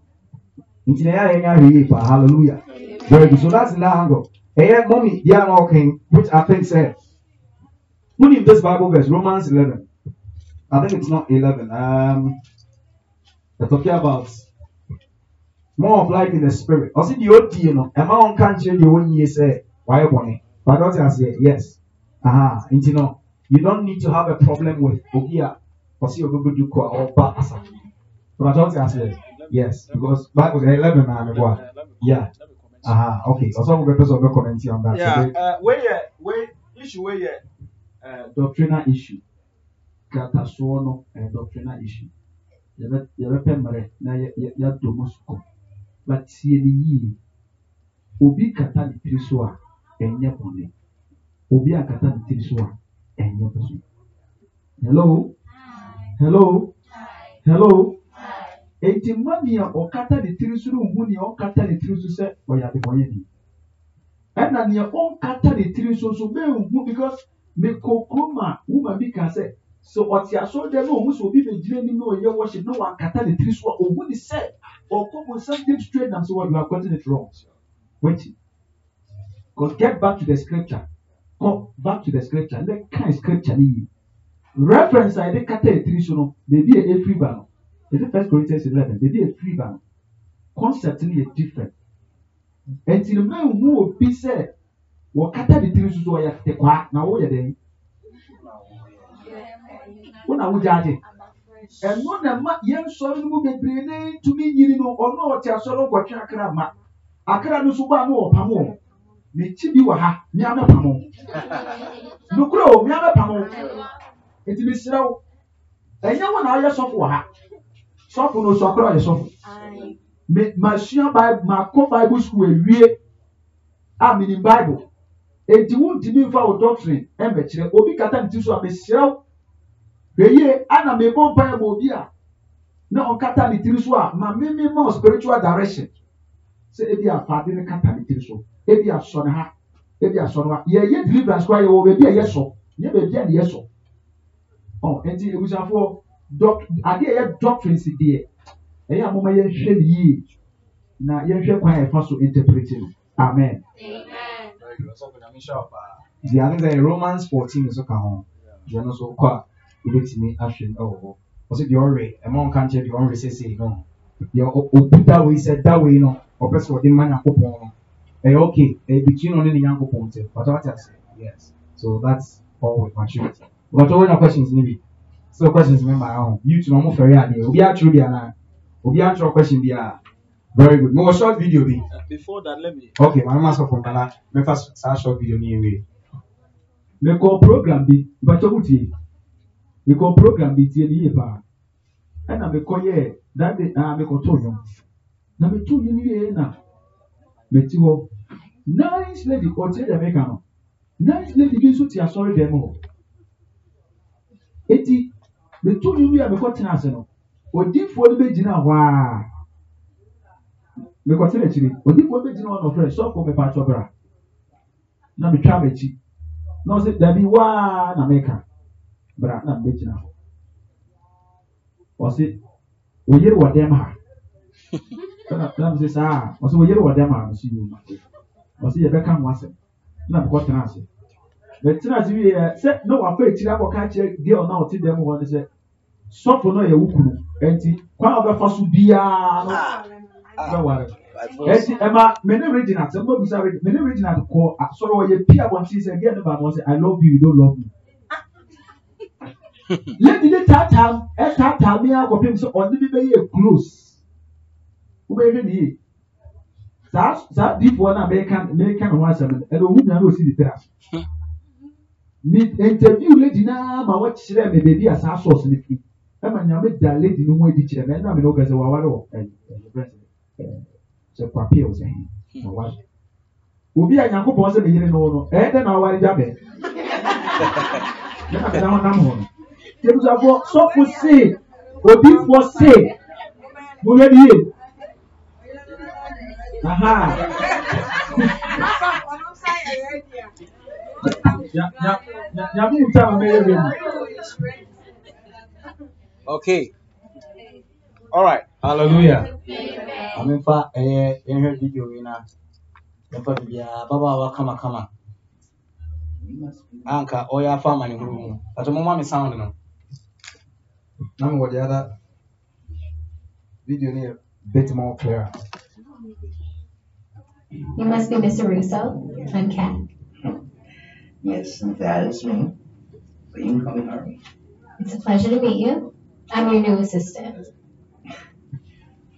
nti na yɛayɛ nya hwee pa hallelujah very good so that's in that angle ɛyɛ mɔmi deɛ a na which i think sɛ mo nim this bible verse romans eleven i think it's not eleven um they talking about more of life in the spirit ɔsi deɛ ɔdie no ɛma wɔn ka nkyerɛ deɛ ɔnyie sɛ wayɛ bɔnɛ but I don't aseɛ yes aha nti no you don't need to have a problem with obi a ɔsi obi bi du kɔ a ɔba asa but I don't say yes yes because bible say eleven na mi wa yeah aha okay ọsọfún bẹẹ pẹsẹ ọbẹ kọmẹntì on that. yeah uh, wey issue wey uh, doctrinal issue gatasoɔ no uh, doctrinal issue yɛbɛpɛ mmerɛ na yɛadɔ mu sukɔ batie no yie obi kata ne tiri so a ɛnyɛ bɔne obi akata ne tiri so a ɛnyɛ bɔne hello hello hello. hello? eti mma nea ɔkata ne tiri so no nhu nea ɔkata ne tiri so sɛ ɔyɛ adebɔyɛni ɛna nea ɔnkata ne tiri so nso bɛn hu because me kurom a wuma bi ka sɛ sɛ ɔte asɔredan na ɔmo sɛ obi bɛgyina anim na ɔyɛ wɔhyɛ na wankata ne tiri so a ɔmo ne sɛ ɔkɔ mo nsa deep straight nam sɛ wɔde wakɔ ne toro wɔkyi kɔ get back to the scripture kɔ back to the scripture ne kan scripture ne yie reference a yɛde kata etiri so no beebi a efiri ba no yɛsɛ first corinthians eleven dede efiri ba concept no yɛ different nti no mmaa hu obi sɛ wɔkata ne tiri soso ɔyɛ tekwaa na wɔyɛ dɛn wɔn na wɔgya agye ɛno na ma yɛn sɔrɔ no mu bebree ne tumi nyini no ɔno ɔte asɔrɔ nkɔtwe akra ma akra no so baa no wɔ pam wɔn n'ekyi bi wɔ ha mmea bɛ pam wɔn mmea bɛ pam wɔn nti bi srɛw ɛnyɛ wɔn na ɔyɛ sɔfo wɔ ha sɔfo no sɔ koraa yɛ sɔfo me ma sua bible ma kɔ bible school ewie a mini bible eti wo ntumi nfa wo doctrine ɛmɛkyerɛ obi kata ne ti so a mehyerɛw bɛyie ana mebɔ mpaeɛ ma obi a na ɔkata ne tiri so a ma mimi ma spiritual direction sɛ ebi afaade ne kata ne tiri so ebi asɔ ne ha ebi asɔ ne ha yɛyɛ deliverance koraa yɛwɔ beebi a yɛsɔ yɛ beebi a ne yɛsɔ ɔ nti ebusuafoɔ doc adeɛ a ɛyɛ doctrines deɛ ɛyɛ a moma yɛhwɛ no yie na yɛhwɛ kwan a ɛfa so interprete no amen. di ano sɛ romans fourteen nso ka ho di ano nso kɔ a ebetumi ahwɛ no ɛwɔ hɔ ɔsɛ deɛ ɔre ɛma nka nkyɛn deɛ ɔre sese no deɛ ɔbu da wei sɛ da wei no ɔpɛ sɛ ɔde ma nyankopɔn no ɛyɛ okay ɛyɛ between ɔne ne nyankopɔn ntɛm pata wata sɛ yes so that's all with maturity but ɔwɔ na questions ni bi so questions mi maa ho youtube ọmọ fẹrẹ adeɛ obi atwerɛ bi ana obi atwerɛ question bi a very good mo short video bi uh, okay maa mi ma sɔ fún me mɛfa saa short video ni Me mekɔ program bi bàtɔ mu me mekɔ program bi tie ni yie paa ɛna mekɔ yɛ dade aa mekɔ tó you. na me metu nyɔm yie na meti hɔ nice lady ɔtí ɛdɛ meka no nice lady bi nso ti asɔre dɛm hɔ eti metu ne wie a mekɔtena ase no odiifoɔ no bɛgyina hɔ a mekɔtena akyiri odiifoɔ no bɛgyina hɔ na ɔfrɛ sɔfo mepatɔ bra na metwa m'akyi na ɔsɛ dabi waa na meka bra na mebɛgyina hɔ ɔse oyere wɔ dɛm ha ɛna sɛ saa ɔsɛ oyere wɔ dɛm ha no so yɛ ɔsɛ yɛbɛka ho asɛm na mekɔtena ase mɛtena ase eh, bi yɛ sɛ na wafa akyiri akɔka akyerɛ girl na ɔte dɛm hɔ no sɛ sɔfo no yɛ wo kunu ɛnti kwan a ɔbɛfa so biara no bɛware ah. ɛnti ah. ah. ɛma mene reginald sɛ mbɔ bisa reginald mene reginald kɔ asɔrɔ ɔyɛ pia abɔnten sɛ girl no ba no sɛ i love you you don't love me lady de taataa ɛtaataa mi akɔpem sɛ ɔne bi bɛyɛ close wobɛyɛ ne yie saa saa diifoɔ no a mɛka mɛka ne ho asɛm no ɛna owu nyinaa na osi ne tira ne interview lady na ma wɔkyerɛ me baabi a saa source ne fi ɛma nyame da lady no ho adi kyerɛ me ɛnam ne wo kɛsɛ waware wɔ sɛ kwapi wo sɛ hmm. waware obi a nyankopɔn sɛ meyere no wo no ɛyɛ dɛ na waware gya bɛn ɛna meda ho nam ho no tɛmusafoɔ sɔfo se odifoɔ se moyɛ bi yie aha Okay. All right. Hallelujah. Amen. Fa eh, eh eh video we na. Yamfa bibia baba wa kama kama. Anka oya fa the huru. Ato mama me sound no. Na mo the other video ni bit more clear. You must be Mr. Russo. I'm Kat. Yes, that is me. But you can call me Harvey. It's a pleasure to meet you. I'm your new assistant.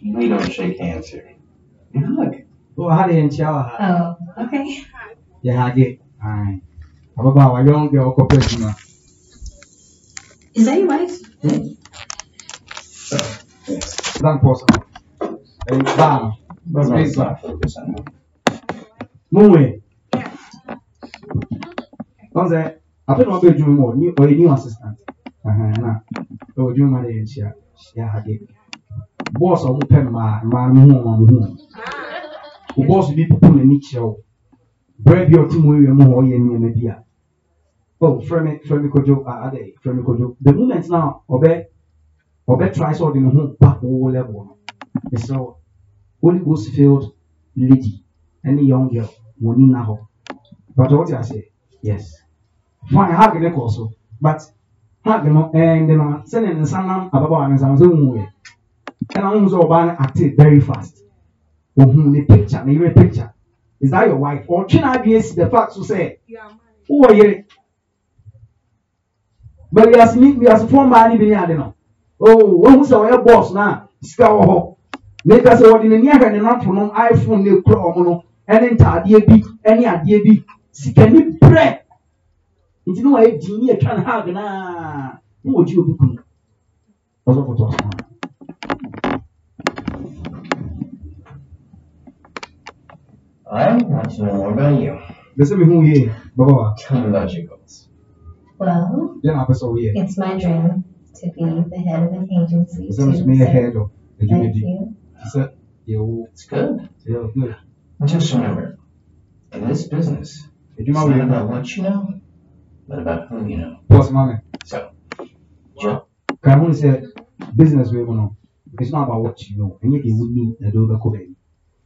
We don't shake hands here. Look, how uhalin you ah. Oh, okay. Yeah, Yahagi. Ay. Ababa, wayong di ako pwede na. Is that your wife? Yes. Lang po sa. Ay, bang. Bang. Bang. Bang. Muwe. ɔn sɛ afei na ɔbɛ edwuma mu ɔni ɔyɛ new assistant ɛhɛn na ɛwɔ edwuma mu adeɛ nkyia hyia adeɛ bɔɔs a ɔmo pɛ mmaa mmaa no ho ɔmo ho o bɔɔs bi pupu n'ani kyerɛ o brɛ bi a ɔtum ewia mu hɔ ɔyɛ nneɛma bi a oh frɛ mi frɛ mi kojo a adɛ frɛ mi kojo the moment na ɔbɛ ɔbɛ try sɛ ɔde ne ho ba wo level no ɛsɛ wɔ holy ghost field lady ɛne young girl wɔn ni na hɔ but ɔte ase yes fine hag ne kɔɔ so but hag no ɛɛnde no sɛnea ne nsa nam ababaawa ne nsa no sɛ ohun yɛ ɛna ohun sɛ ɔbaa no ate very fast ohun ne hmm, picture ne yere picture is that your wife ɔtwe na adwene si the fact so sɛ wowɔ yere but wiase ni wiasefoɔ mmaa ne bi ne ade no oh ohun sɛ ɔyɛ boss na sika wɔ hɔ meka sɛ wɔde n'ani ahwɛ ne naponom iphone ne kura wɔn no ɛne ntaadeɛ bi ɛne adeɛ bi sika ni brɛ. 你这个年看我就我多是后 What about, whom you know? What's money? So, Joe? Kamun said, business we will know. It's not about what you know. And yet you would need a double cover.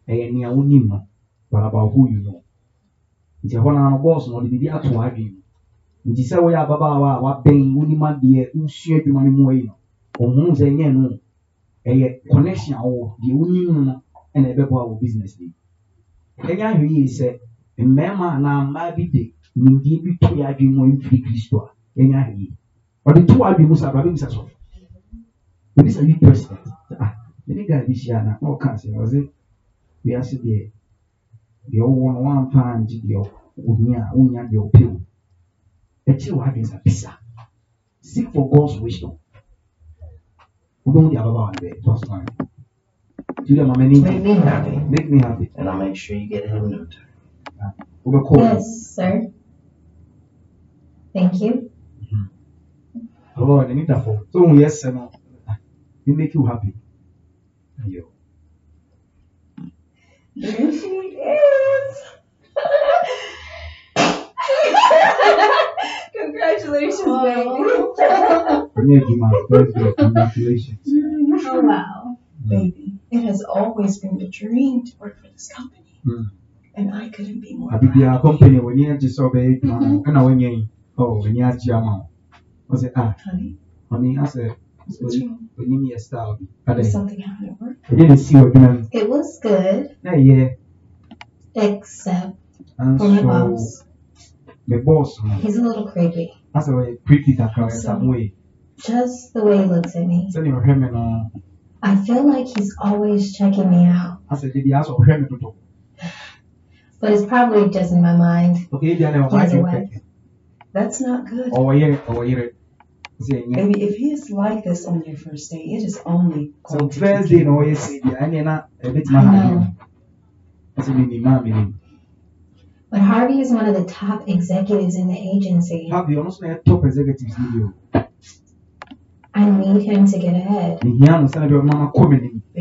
And you would need no, but about who you know. Nti ɛhɔ na ano bɔɔso na ɔde biribi ato adwene mu. Nti sɛ woyɛ ababaawa a wabɛn wonim adeɛ wosua adwuma no mu ayi no, ɔhunu sɛ nyɛ no ɛyɛ connection a wɔwɔ deɛ wonim no no ɛna ɛbɛboa wɔ business bi. Ɛnyɛ ahwɛ said sɛ mmarima anaa mmaa bi de nimdeɛ bi a mu yi president ah gaa bi na ɔka deɛ deɛ ɔwɔ no deɛ deɛ bisa seek for god's wisdom ababa first time Julia, make me happy. Make me happy. And I'll make sure you get him no time. Ah, yes, sir. Thank you. Oh, need so yes, we make you happy. she is. Congratulations, oh. baby. Congratulations. Oh, wow. Baby, it has always been a dream to work for this company. Mm. And I couldn't be more. Happy company when you just saw baby oh, when you're I said, ah, honey, honey, I said, when you meet a star, something happened at work. I didn't see what happened. It was good. Yeah, yeah. Except and for so, my boss. My boss. Man. He's a little creepy. That's the way creepy that guy of some way. Just the way he looks at me. So you him and I feel like he's always checking me out. I said, did he ask for him to do? But it's probably just in my mind. Okay, then uh, I'll that's not good. Oír, oh, oh, If, if he is like this on your first day, it is only So first day no ɔyɛ I know. But Harvey is one of the top executives in the agency. Harvey, ɔno nso top executives ni need him to get ahead. Baby, look at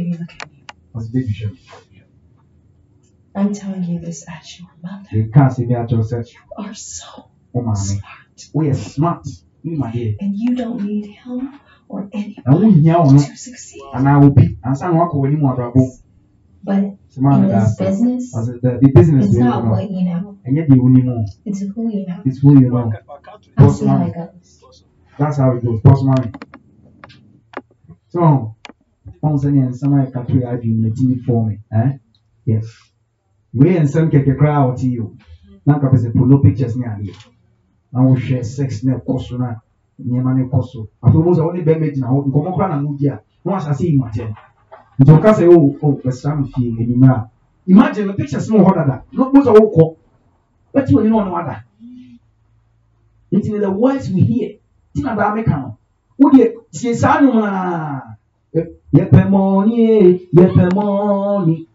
me. I'm telling you, this as your mother, you are so omwami we are smart mumanye ɛwohia wo no anaa obi ansa na wakɔ w'anim abrabɔ But in this business, the, the business it's not what you know. And yet you know. It's who you know. It's who you know. That's how it goes. That's how it goes. Post money. So, on saying and some I can try you the TV for me. Eh? Yes. We and some can cry out to you. Now, because pull polo pictures near you. na wohwɛ sex na ɛkɔ so na nneɛma no kɔ so afei mo sɛ wɔn ne bɛrima gyina hɔ nkɔmɔ kora na mo di a na wɔn asase yi mu akyɛn nti wɔn kasa o o bɛsira mi fie enim a imagine pictures no wɔ hɔ dada na mo sɛ wɔkɔ wɔte wɔn anim ɔno ada nti na the words we hear ti na daa meka no wo deɛ sie saa nom na e, yɛpɛ mɔni yɛpɛ mɔni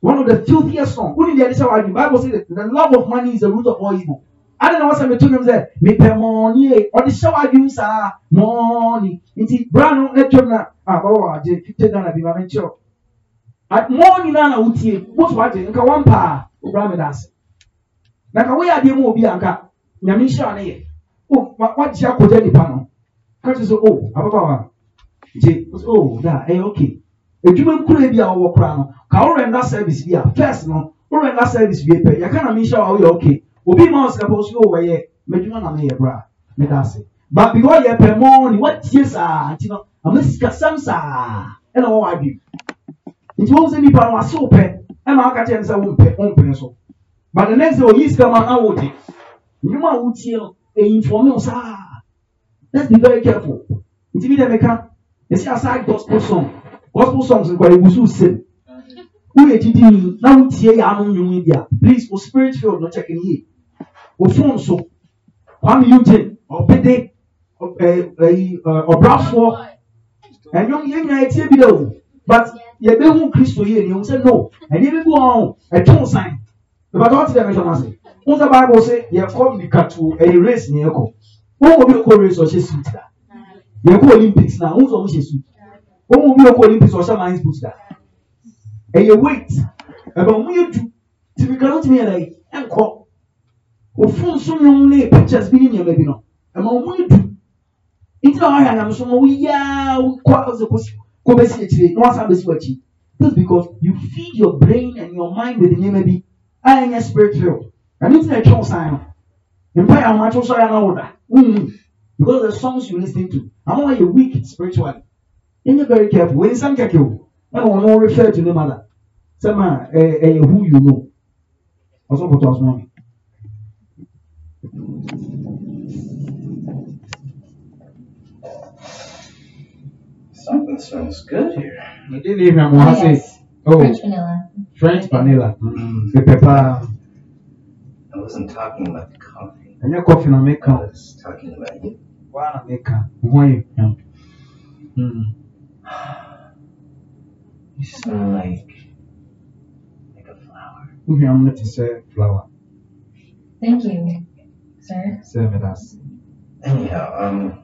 one of the filthiest song wo ni deɛ ɛde sɛ wɔn adi bible say the love of money is the root of all evil ada na wɔsɛ meto nnwom sɛ mepɛ mɔɔnie ɔde hyɛ w'adwum saa mɔɔni nti bra no na twam na a wɔwɔ agye fifty ghana bi ma menkyerɛw mɔɔ nyinaa na wotie moso wagye nka wɔn paa obra me da ase na nka woyɛ adeɛ mu obi a nyame nhyira ne yɛ o wagye akɔgya nipa no ka kyerɛ o oh, ababaawa gye o oh, da ɛyɛ okay edwuma nkura bi a wɔwɔ koraa no ka wɔrenda service bi a first no wɔrenda service bi epɛ yɛka na me nhyira wa woyɛ okay obi ma ɔsɛ bɔ so wɔyɛ mɛdwuma na meyɛ bra meda ase but because yɛ pɛ mɔ ne watie saa nti no ama sikasɛm saa ɛna wɔwɔ adwene nti wɔn sɛ nipa no ase wopɛ ɛna aka kyerɛ no sɛ wompɛ wompene so but the next day oyi sika ma na wode nnwuma a wotie no ɛyinfɔme wo saa let's be very careful nti bi dɛ meka ɛsi aside gospel song gospel songs nkwa egusi usem woyɛ didi na wotie yɛ ano nnwom yi bi a please o spirit field no check in yie ofun eh, eh, eh, so kwame eugene ọpẹdẹ ọbrafoɔ ɛnyɔm yɛn nyinaa etie bi dɛ o but yɛbɛhu kristo yie ni ohun sɛ no ɛni ebi bi wɔn ɛtɔn san ìbàdàn ɔtí dɛm ɛtɔn ase ohun sɛ baabu sɛ yɛkɔ nikatu ɛyɛ race ni yɛkɔ ohun obi okɔ race ɔhyɛ suit da yɛkɔ olympics na ohun sɛ ɔmo hyɛ suit ohun obi okɔ olympics ɔhyɛ mines boot da ɛyɛ weight ɛbɛn mu yɛ du tìmí kan ó tìmí yɛ dɛ ɛnkɔ wofun so nnwom ne pictures bi ne nneɛma bi no ɛma wɔn mu du nti na wɔahwɛ anyame so ma woyaa wokɔ ɔsɛ kɔsi kɔbɛsi akyire na wasan bɛsi w'akyi that's because you feed your brain and your mind with nneɛma bi a ɛnyɛ spirit spiritual. ɛno ti na ɛtwe wɔn san no mpa yɛ ahomakye sɔrɔ yɛ anawo da wohu mm-hmm. because the songs you lis ten to ama wɔn yɛ weak spiritually yɛnyɛ very careful wɔn nsɛm kɛkɛ o ɛna wɔn refer to ne mother sɛ ma ɛɛ ɛyɛ who you know ɔsɔ pɔtɔ ɔsɔ mami. That sounds good here. I didn't even want to say. Oh, French vanilla. French vanilla. Mm. Mm-hmm. The pepper. I wasn't talking about the coffee. And your coffee in America. I was talking about you. Why na make Why you? Mm. You smell like like a flower. Okay, I'm going to say flower. Thank you, sir. Serve it us. Anyhow, um.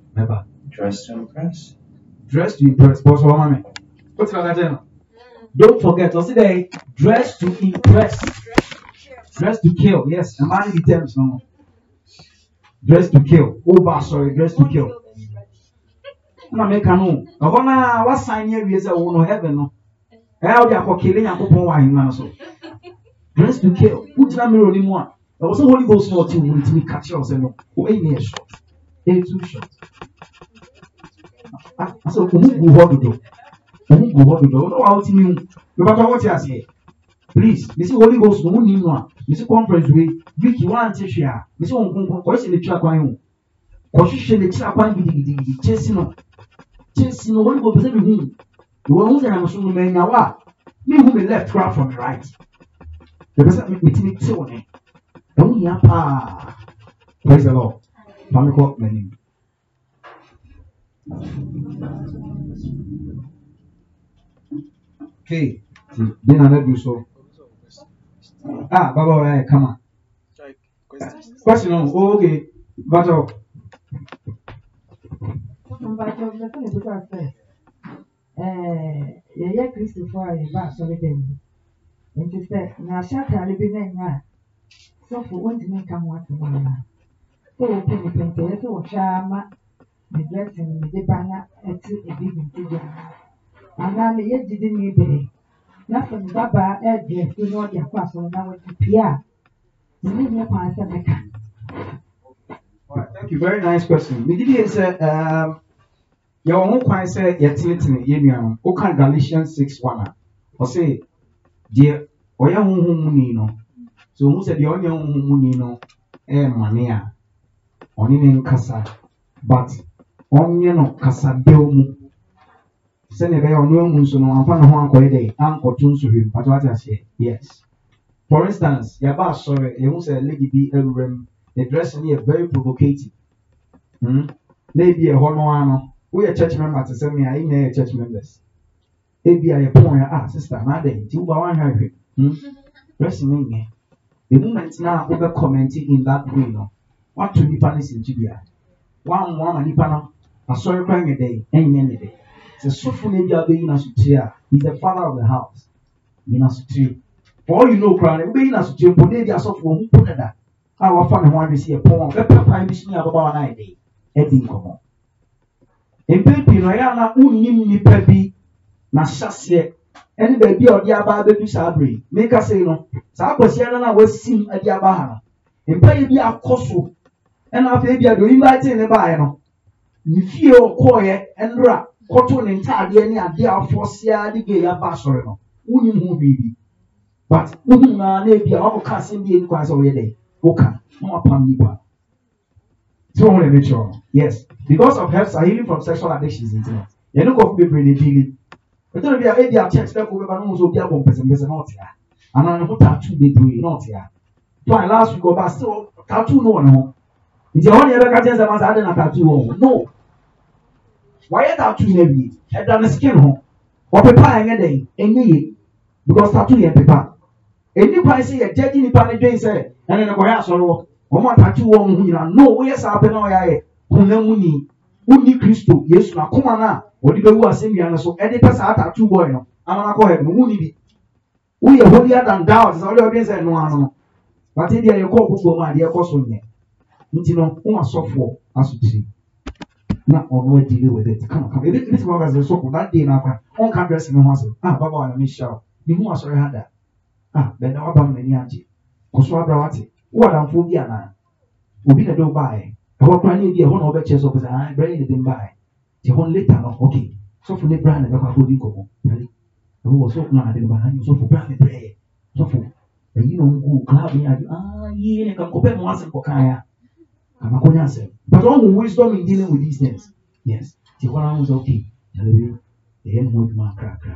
Never. Dress to impress. Dress to impress. Boss for mommy. What's your name? Don't forget, or today, dress to impress. Dress to kill. Yes, a man terms now. Dress to kill. Oh, sorry, dress to kill. na meka no ɛhɔ no a wasan ne awie sɛ wo no heaven no ɛɛ wode akɔkele nyankopɔn wɔ ahemma no so dress to kill wogyina mirror no mu a ɛwɔ sɛ holy ghost na ɔte wo no e ntimi ka e kyerɛ wo sɛ no wo ɛnyɛ short ɛtu e short Ah, so ɔmu gu hɔ dodo ɔmu gu hɔ dodo ɔno wa ɔte ne mu yorùbá tó ɔwɔ te aseɛ please mesi holy ghost no wunni mu a mesi conference wei wiki wante hwɛ a mesi wɔn nkonko kɔhyehyɛ ne tira kwan ho kɔhyehyɛ ne tira kwan gidigidigidi kyesi no kyesi no holy ghost pese mi hu wɔn ho sɛnɛ so no mɛ nyawa a mi hu mi left right from right yɛrɛ sɛ mi ti mi ti wɔ ne ɛmu nya paa praise the lord maame kɔ n'anim. Okay. Then another do so. Ah, Baba, where eh, come on. Question on. Oh, okay. Bato. Mbato, mbato ni kuta fe. Eh, yeye Kristo fo ayi ba so le dem. Nti se na shaka le bi na nya. So fo wonti nka mo atwa na. So o pe ni pente, so o Thank you, very nice question. Megidi yɛ sɛ um, yɛwɔ ho kwan sɛ yɛtenetene yɛn nua no. Woka Galatians six one a ɔsɛ deɛ ɔyɛ honhom mu munino. so ohun said deɛ ɔnyɛ honhom mu ni no ɛɛmane e a but ɔnyɛ no kasadɛw mu sɛnea ɛbɛyɛ ɔno ehu nso no wɔn ne ho ankɔyɛ dɛ ankɔto nso hwɛ mu patoa te aseɛ yes for instance yaba asɔre ehu sɛ lady bi awura mu ne dress no yɛ very provocative hmm na ebi yɛ hɔ no woyɛ church member te sɛ mi a enyina yɛ church members ebi a yɛ pɔn yɛ ah sister na adɛ nti wo ba wɔn ahwɛ hmm dress no nyɛ the moment na wobɛ commenting in that way no wato nipa ne si ntu bia wɔn amoa ma nipa no asɔre kwan yɛ dɛn ɛnyɛ ne dɛn sɛ sɔfo na ebi abɛyi n'asotire a he is the father of the house yi n'asotire for all you know koraa na ebɛyi n'asotire mpo na ebi asɔfo wɔn mpo dada a wafa ne ho adresi yɛ pɔn a bɛpɛ kwan bi so ne ababaawa na yɛ dɛn ɛdi nkɔmɔ mpɛn pii na ɔyɛ ana unnim nipa bi n'ahyɛseɛ ɛne baabi a ɔde aba abɛdu saa abiri meka sɛ yi no saa akɔsia no na wasi mu adi aba ha no mpa yɛ bi akɔ so ɛna afei bi a deɛ oyi ba te ne baeɛ no ne fie ɔkɔɔyɛ nnora kɔtɔ ne ntaadeɛ ne adeɛ afɔ sia de gye yaba asɔre no wonim ho biribi but wohu naa na ebi a wakɔka asɛm bi ani kwan sɛ ɔyɛ dɛ woka na wapam nipa tí wọn lè mi kyerɛ no yes because of health, are healing from sexual addictions nti no yɛn ne nkɔfo bebree na ebili ɛtɔn bi a ebi a church dɛ ko bɛba no ho sɛ obi abɔ mpɛsɛmpɛsɛ na ɔte ha anaa ne ho tattoo bebree na ɔte ha twan last week ɔba still tattoo no wɔ ne ho nti ɛhɔ ne yɛbɛka kyerɛ sɛ ma saa de na tattoo wɔ ho no wayɛ tattoo na wie ɛda ne skin ho ɔpepa a ɛnyɛ dɛn ɛnyɛ yie because tattoo yɛ pepa ɛni kwan sɛ yɛgya gye nipa ne dwen sɛ ɛne ne kɔyɛ asɔre wɔ wɔn a tattoo wɔ ho nyinaa no woyɛ saa pɛ na ɔyɛ ayɛ kuna mu ni wonni kristo yesu akoma no a wɔde bɛwu asɛnnua no so ɛde pɛ saa tattoo bɔɔl no ama no akɔ hɛ no mu ni bi woyɛ holier than thou te sɛ wɔde ɔdwen sɛ noa no no bate deɛ yɛkɔ ɔkɔkɔ mu a deɛ ɛkɔ so nyɛ nti no wọn asɔfoɔ asotiri na ɔno adili with it kamakama ebi ebi sɔfo akasɛ sɔfo that day n'akora wɔn ka dress mi ho ase ah baba wa na mi hyia o mi hu asɔre ha da ah bɛn na waba mi ni agye kɔsɔ abira wate wɔ adamfo bi ana obi na de o baa yɛ ɛhɔ kora ne ebi ɛhɔ na ɔbɛkyɛ sɔfo sɛ ah ɛbrɛ yɛ ne de mbaa yɛ te hɔ later no okay sɔfo ne bra na ɛbɛkɔ afɔ bi nkɔmɔ yali ɛwɔ wɔ sɔfo na ade ba na yɛ sɔfo bra ne brɛ yɛ sɔfo ɛyi na club ne adi ah yie ne kankɔ bɛn mu ase nkɔ kan ya amakɔnya asɛm but ɔmo wisdom in dealing with these things yes ti hɔ ara sɛ okay hallelujah eh, ɛyɛ ne ho adwuma kakra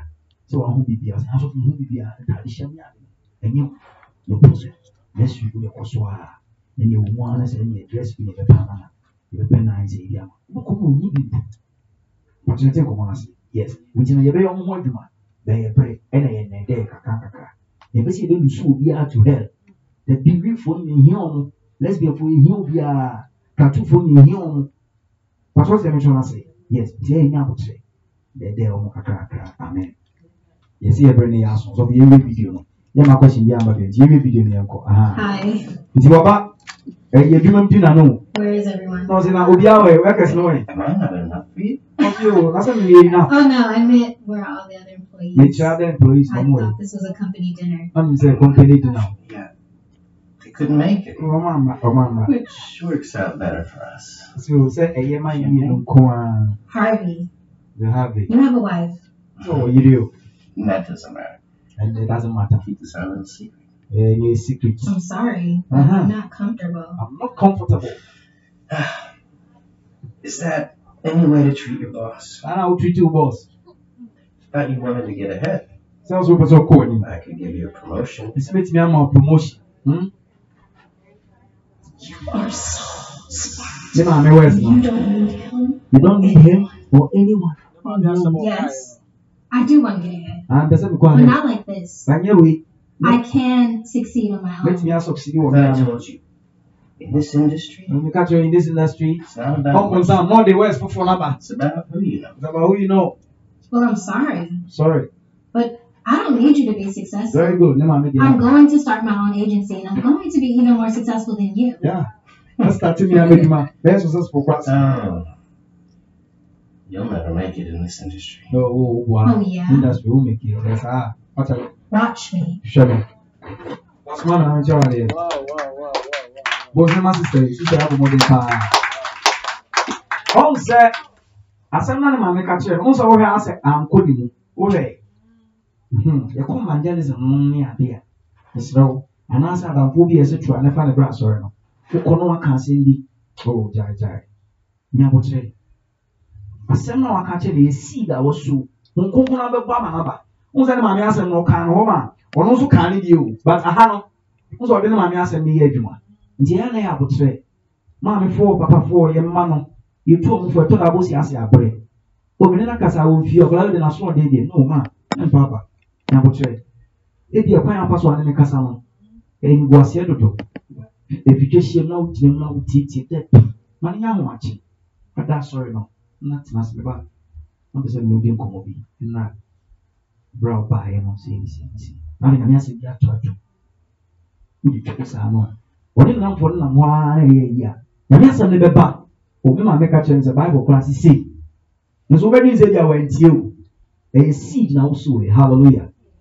sɛ wɔn ho bibi ase asɔfo ho bibi a ntaade hyɛm yɛ ade ɛnyɛ ne po so next week yɛ kɔ so a na yɛ wɔn ara sɛ ɛyɛ dress bi na yɛ bɛpa ama yɛ bɛpɛ nan sɛ ebi ama wɔn kɔ mu onyi bi bu wɔtena te nkɔmɔ ase yes ntina yɛ bɛyɛ ɔmo ho adwuma bɛyɛ pere ɛna yɛ nɛɛdɛ kakra kakra yɛ bɛ si yɛ bɛ nusu the belief on ne hia ɔmo. vous for you be yɛhia wɔn pastor sɛ metwe no ase yes ntia yɛnya abokyerɛ vous oh, wɔn kakrakra amen yɛsi yɛbrɛ no yɛ aso sɔfo video no yɛma akɔhyɛ bi video no vous vous Où no Oh, where me ah, Oh no, I meant where all the other employees. Make sure the employees. I this was a company dinner. I'm saying company dinner. couldn't make it. Omama, oh, omama. Oh, Which works out better for us. So say Ayama Yunukwa. Harvey. You have it. You have a wife. Oh, you do. And that doesn't matter. And it doesn't matter. Keep this our little secret. Yeah, secret. I'm sorry. Uh-huh. I'm not comfortable. I'm not comfortable. Is that any way to treat your boss? I'll treat your boss. Thought you wanted to get ahead. Sounds like a court. I can give you a promotion. It's meant to be a promotion. Hmm? You are so smart. You don't need him. You don't need him or anyone. Yes. I do want to get ahead. But not like this. I can succeed on my own. I told you, In this industry, when you catch you in this industry, it's not about what you know. the for number. It's about who you know. It's about who you know. Well, I'm sorry. Sorry. But I don't need you to be successful. Very good. No, I'm going to start my own agency and I'm going to be even more successful than you. Yeah. That's that to me. I mean, my best successful person. Oh. Ah. You'll never make it in this industry. Oh, oh wow. Oh, ah. oh, yeah. Industry will oh, make it. Yes, ah. Watch out. Watch me. Show me. What's my name? Wow, wow, wow, wow, wow. Both my sister, you should have a modern car. Home, sir. Asɛm na ne maame ka kyerɛ no, wọn sọ wọ́n hwɛ asɛ anko ne mu, wọ́n hwɛ Hmm. yɛkɔ evangelism no ne adeɛ a ɛsrɛ wo anaasɛ adamfoɔ bi yɛsɛ tua ne fa ne bra asɔre no wokɔ no waka asɛm bi oh gyaegyae nyabokyerɛ asɛm no a waka kyerɛ deɛ ɛsii da wɔso wo nkonkon abɛbɔ ama no aba wo sɛ ne maame asɛm no ɔkaa no hɔ ma ɔno nso kaa ne bio but aha no wo sɛ ɔde ne maame asɛm no yɛ adwuma nti ɛyɛ na yɛ abokyerɛ maamefoɔ papafoɔ yɛ mma no yɛtu ɔmofoɔ ɛtɔ da abɔsi ase abrɛ obìnrin no kasa wɔ fie ɔkɔla de n'aso ɔde deɛ no ma ɛmpa aba nyabokyerɛ ebi ɛkwan afa so a ne ne kasa no ɛyɛ nguaseɛ dodo efitwa hyia mu na wogyina mu na wotietie dɛ ma ne nyɛ ahomakye ɛda asɔre no na tena ase bɛba na mpɛ sɛ mene obi nkɔmmɔ bi na berɛ a wobaeɛ no sɛ ɛbi sɛbisi na ne nyame asɛ bi ato adwo wode twa saa no a wɔne nnamfoɔ no nam hɔ ara na ɛyɛ ayi a nyame asɛm ne bɛba omi maame ka kyerɛ no sɛ bible koraa sesei nso wobɛdwen sɛ bi a wɔantie o ɛyɛ e seed na wosoe hallelujah.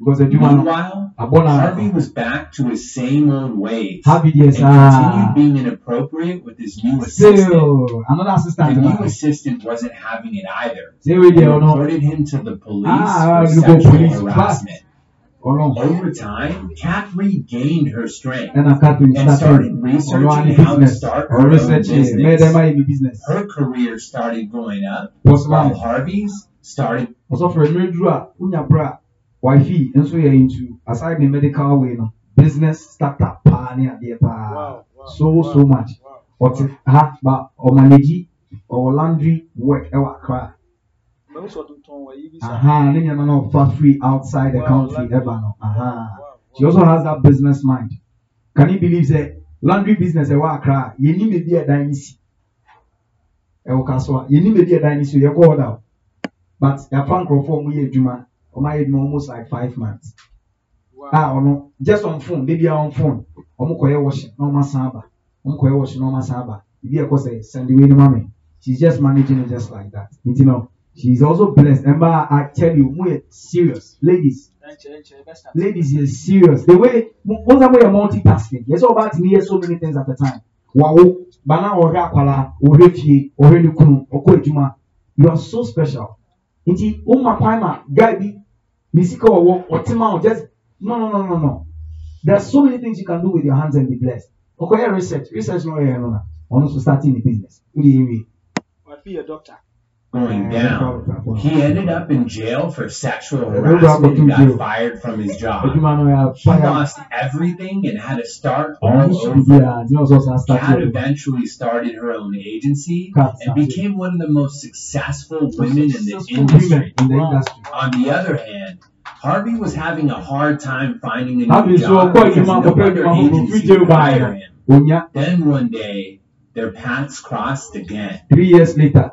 Meanwhile, Harvey was back to his same old ways Harvey and continued ah? being inappropriate with his new assistant. Another assistant. The new assistant wasn't having it either. They reported him to the police ah, for sexual police harassment. Over time, Kat regained her strength and, and started researching how to start her own business. Her career started going up, while Harvey's started. wafi nso yɛ into aside the medical way no business startup paa ne adeɛ paa so so much ɔte ha ba ɔmanagi ɔwɔ laundry work ɛwɔ akra aha ne nneɛma no ɔfa free outside the country ɛba no aha she also has that business mind can you believe say laundry business ɛwɔ akra yɛnim ebi ɛdan ne si ɛwɔ kasoa yɛnim ebi ɛdan ne si yɛkɔ ɔda but yɛafa nkurɔfoɔ a wɔyɛ adwuma ɔmayɛ adwuma almost like five months a ah, ɔno just on phone baby on phone ɔmo kɔyɛ washing na ɔmo asan aba ɔmo kɔyɛ washing na ɔmo asan aba ebi ɛkɔ sɛ sandi wei ni maame she is just managing it just like that You know. she is also blessed ɛnba i tell you mo yɛ serious ladies ladies yɛ serious the way mo sábà yɛ multitasking yɛ sɛ ɔbaa ti mi yɛ so many things at a time wawo bana ɔhwɛ akwara ɔhwɛ fie ɔhwɛ ne kunu ɔkɔ adwuma you are so special nti o ma kwan ma guy bi ne or what? ɔte just no no no no no there are so many things you can do with your hands and be blessed ɔkɔyɛ research research no ɔyɛ no na ɔno nso starting the business wode yɛ wie. wàá bí yẹ dọ́kítà. going down. He ended up in jail for sexual harassment and got fired from his job. He lost everything and had to start oh, all over. Kat eventually started her own agency and became one of the most successful women in the industry. On the other hand, Harvey was having a hard time finding a new job because no him. Then one day, their paths crossed again. Three years later,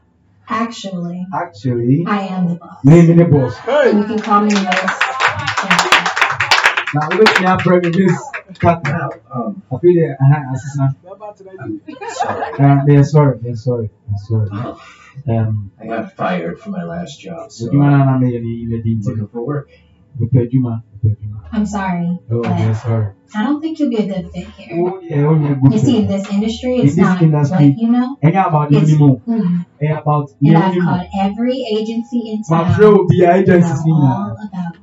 Actually, actually, I am the boss. I am the boss. Hey. You can call me the boss. Now, look now that, brother. Just cut that out. Um, I feel that I had assistant. Um, uh, yeah, sorry, yeah, sorry, yeah, sorry. Um, I got fired from my last job. So, you want to know the detail for work? Utajuma. Utajuma. I'm sorry. Oh, yes, sir. I don't think you'll be a good fit here. Oh, yeah, oh, good you see, in this industry, it's in not industry, what you know. And about it's, minimum. Mm, and about and I've called every agency in town. My friend will be an agency. All about you.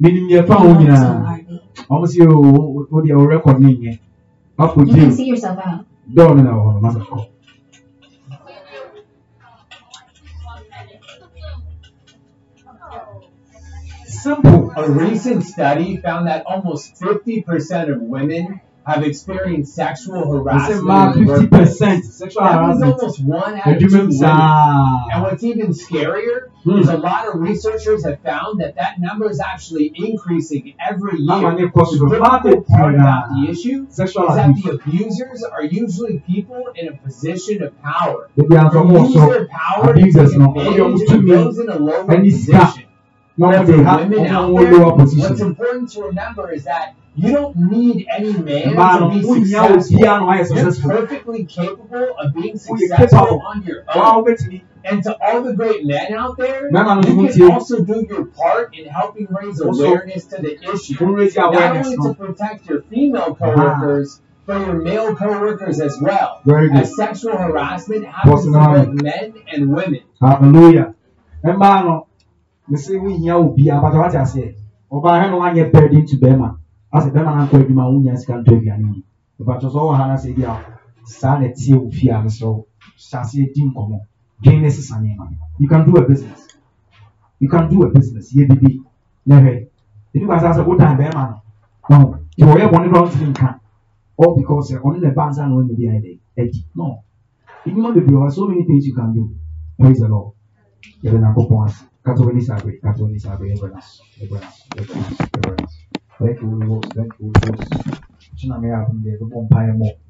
Meaning your phone, you know. Almost you, what your record name. You can see yourself out. Don't know. simple. A recent study found that almost 50% of women have experienced sexual harassment. About 50% sexual that harassment. almost one out of two women. Ah. And what's even scarier hmm. is a lot of researchers have found that that number is actually increasing every year. The ah, part about the issue sexual is that the abusers are usually people in a position of power. They use their power to take advantage of those in a low position. No That's wonder women out there, what's important to remember is that you don't need any man Mano, to be successful. You're perfectly capable of being successful on your own. And to all the great men out there, you can also do your part in helping raise awareness to the issue. Not only to protect your female coworkers, for your male coworkers as well. Very good. As sexual harassment happens to both men and women. Hallelujah. Hermano, mesi wo hia obi abatɔ wate aseɛ ɔbaa hɛ na wanyɛ pɛrɛdi ntu bɛrima ase bɛrima na nkɔ adwuma wo nya sika ntɔ aduane yi abatɔ sɛ ɔwɔ ha na sɛ bi a saa na tie wo fie a mesrɛ hyɛ aseɛ di nkɔmmɔ dwen ne sesa nneɛma you can do a business you can do a business yɛ bibi eh, na hwɛ ebi ba sɛ wo dan bɛrima no no deɛ ɔyɛ bɔne no ɔntumi nka all because ɔno na ɛba nsa na ɔnyɛ bi ayɛ ɛdi no ebi ma bebree wɔ so many things you can do praise the lord yɛ bɛ na nkɔpɔn ase. 가고니사하고 가고니사고 해고 우스 우로스 신나해야은데도번파에모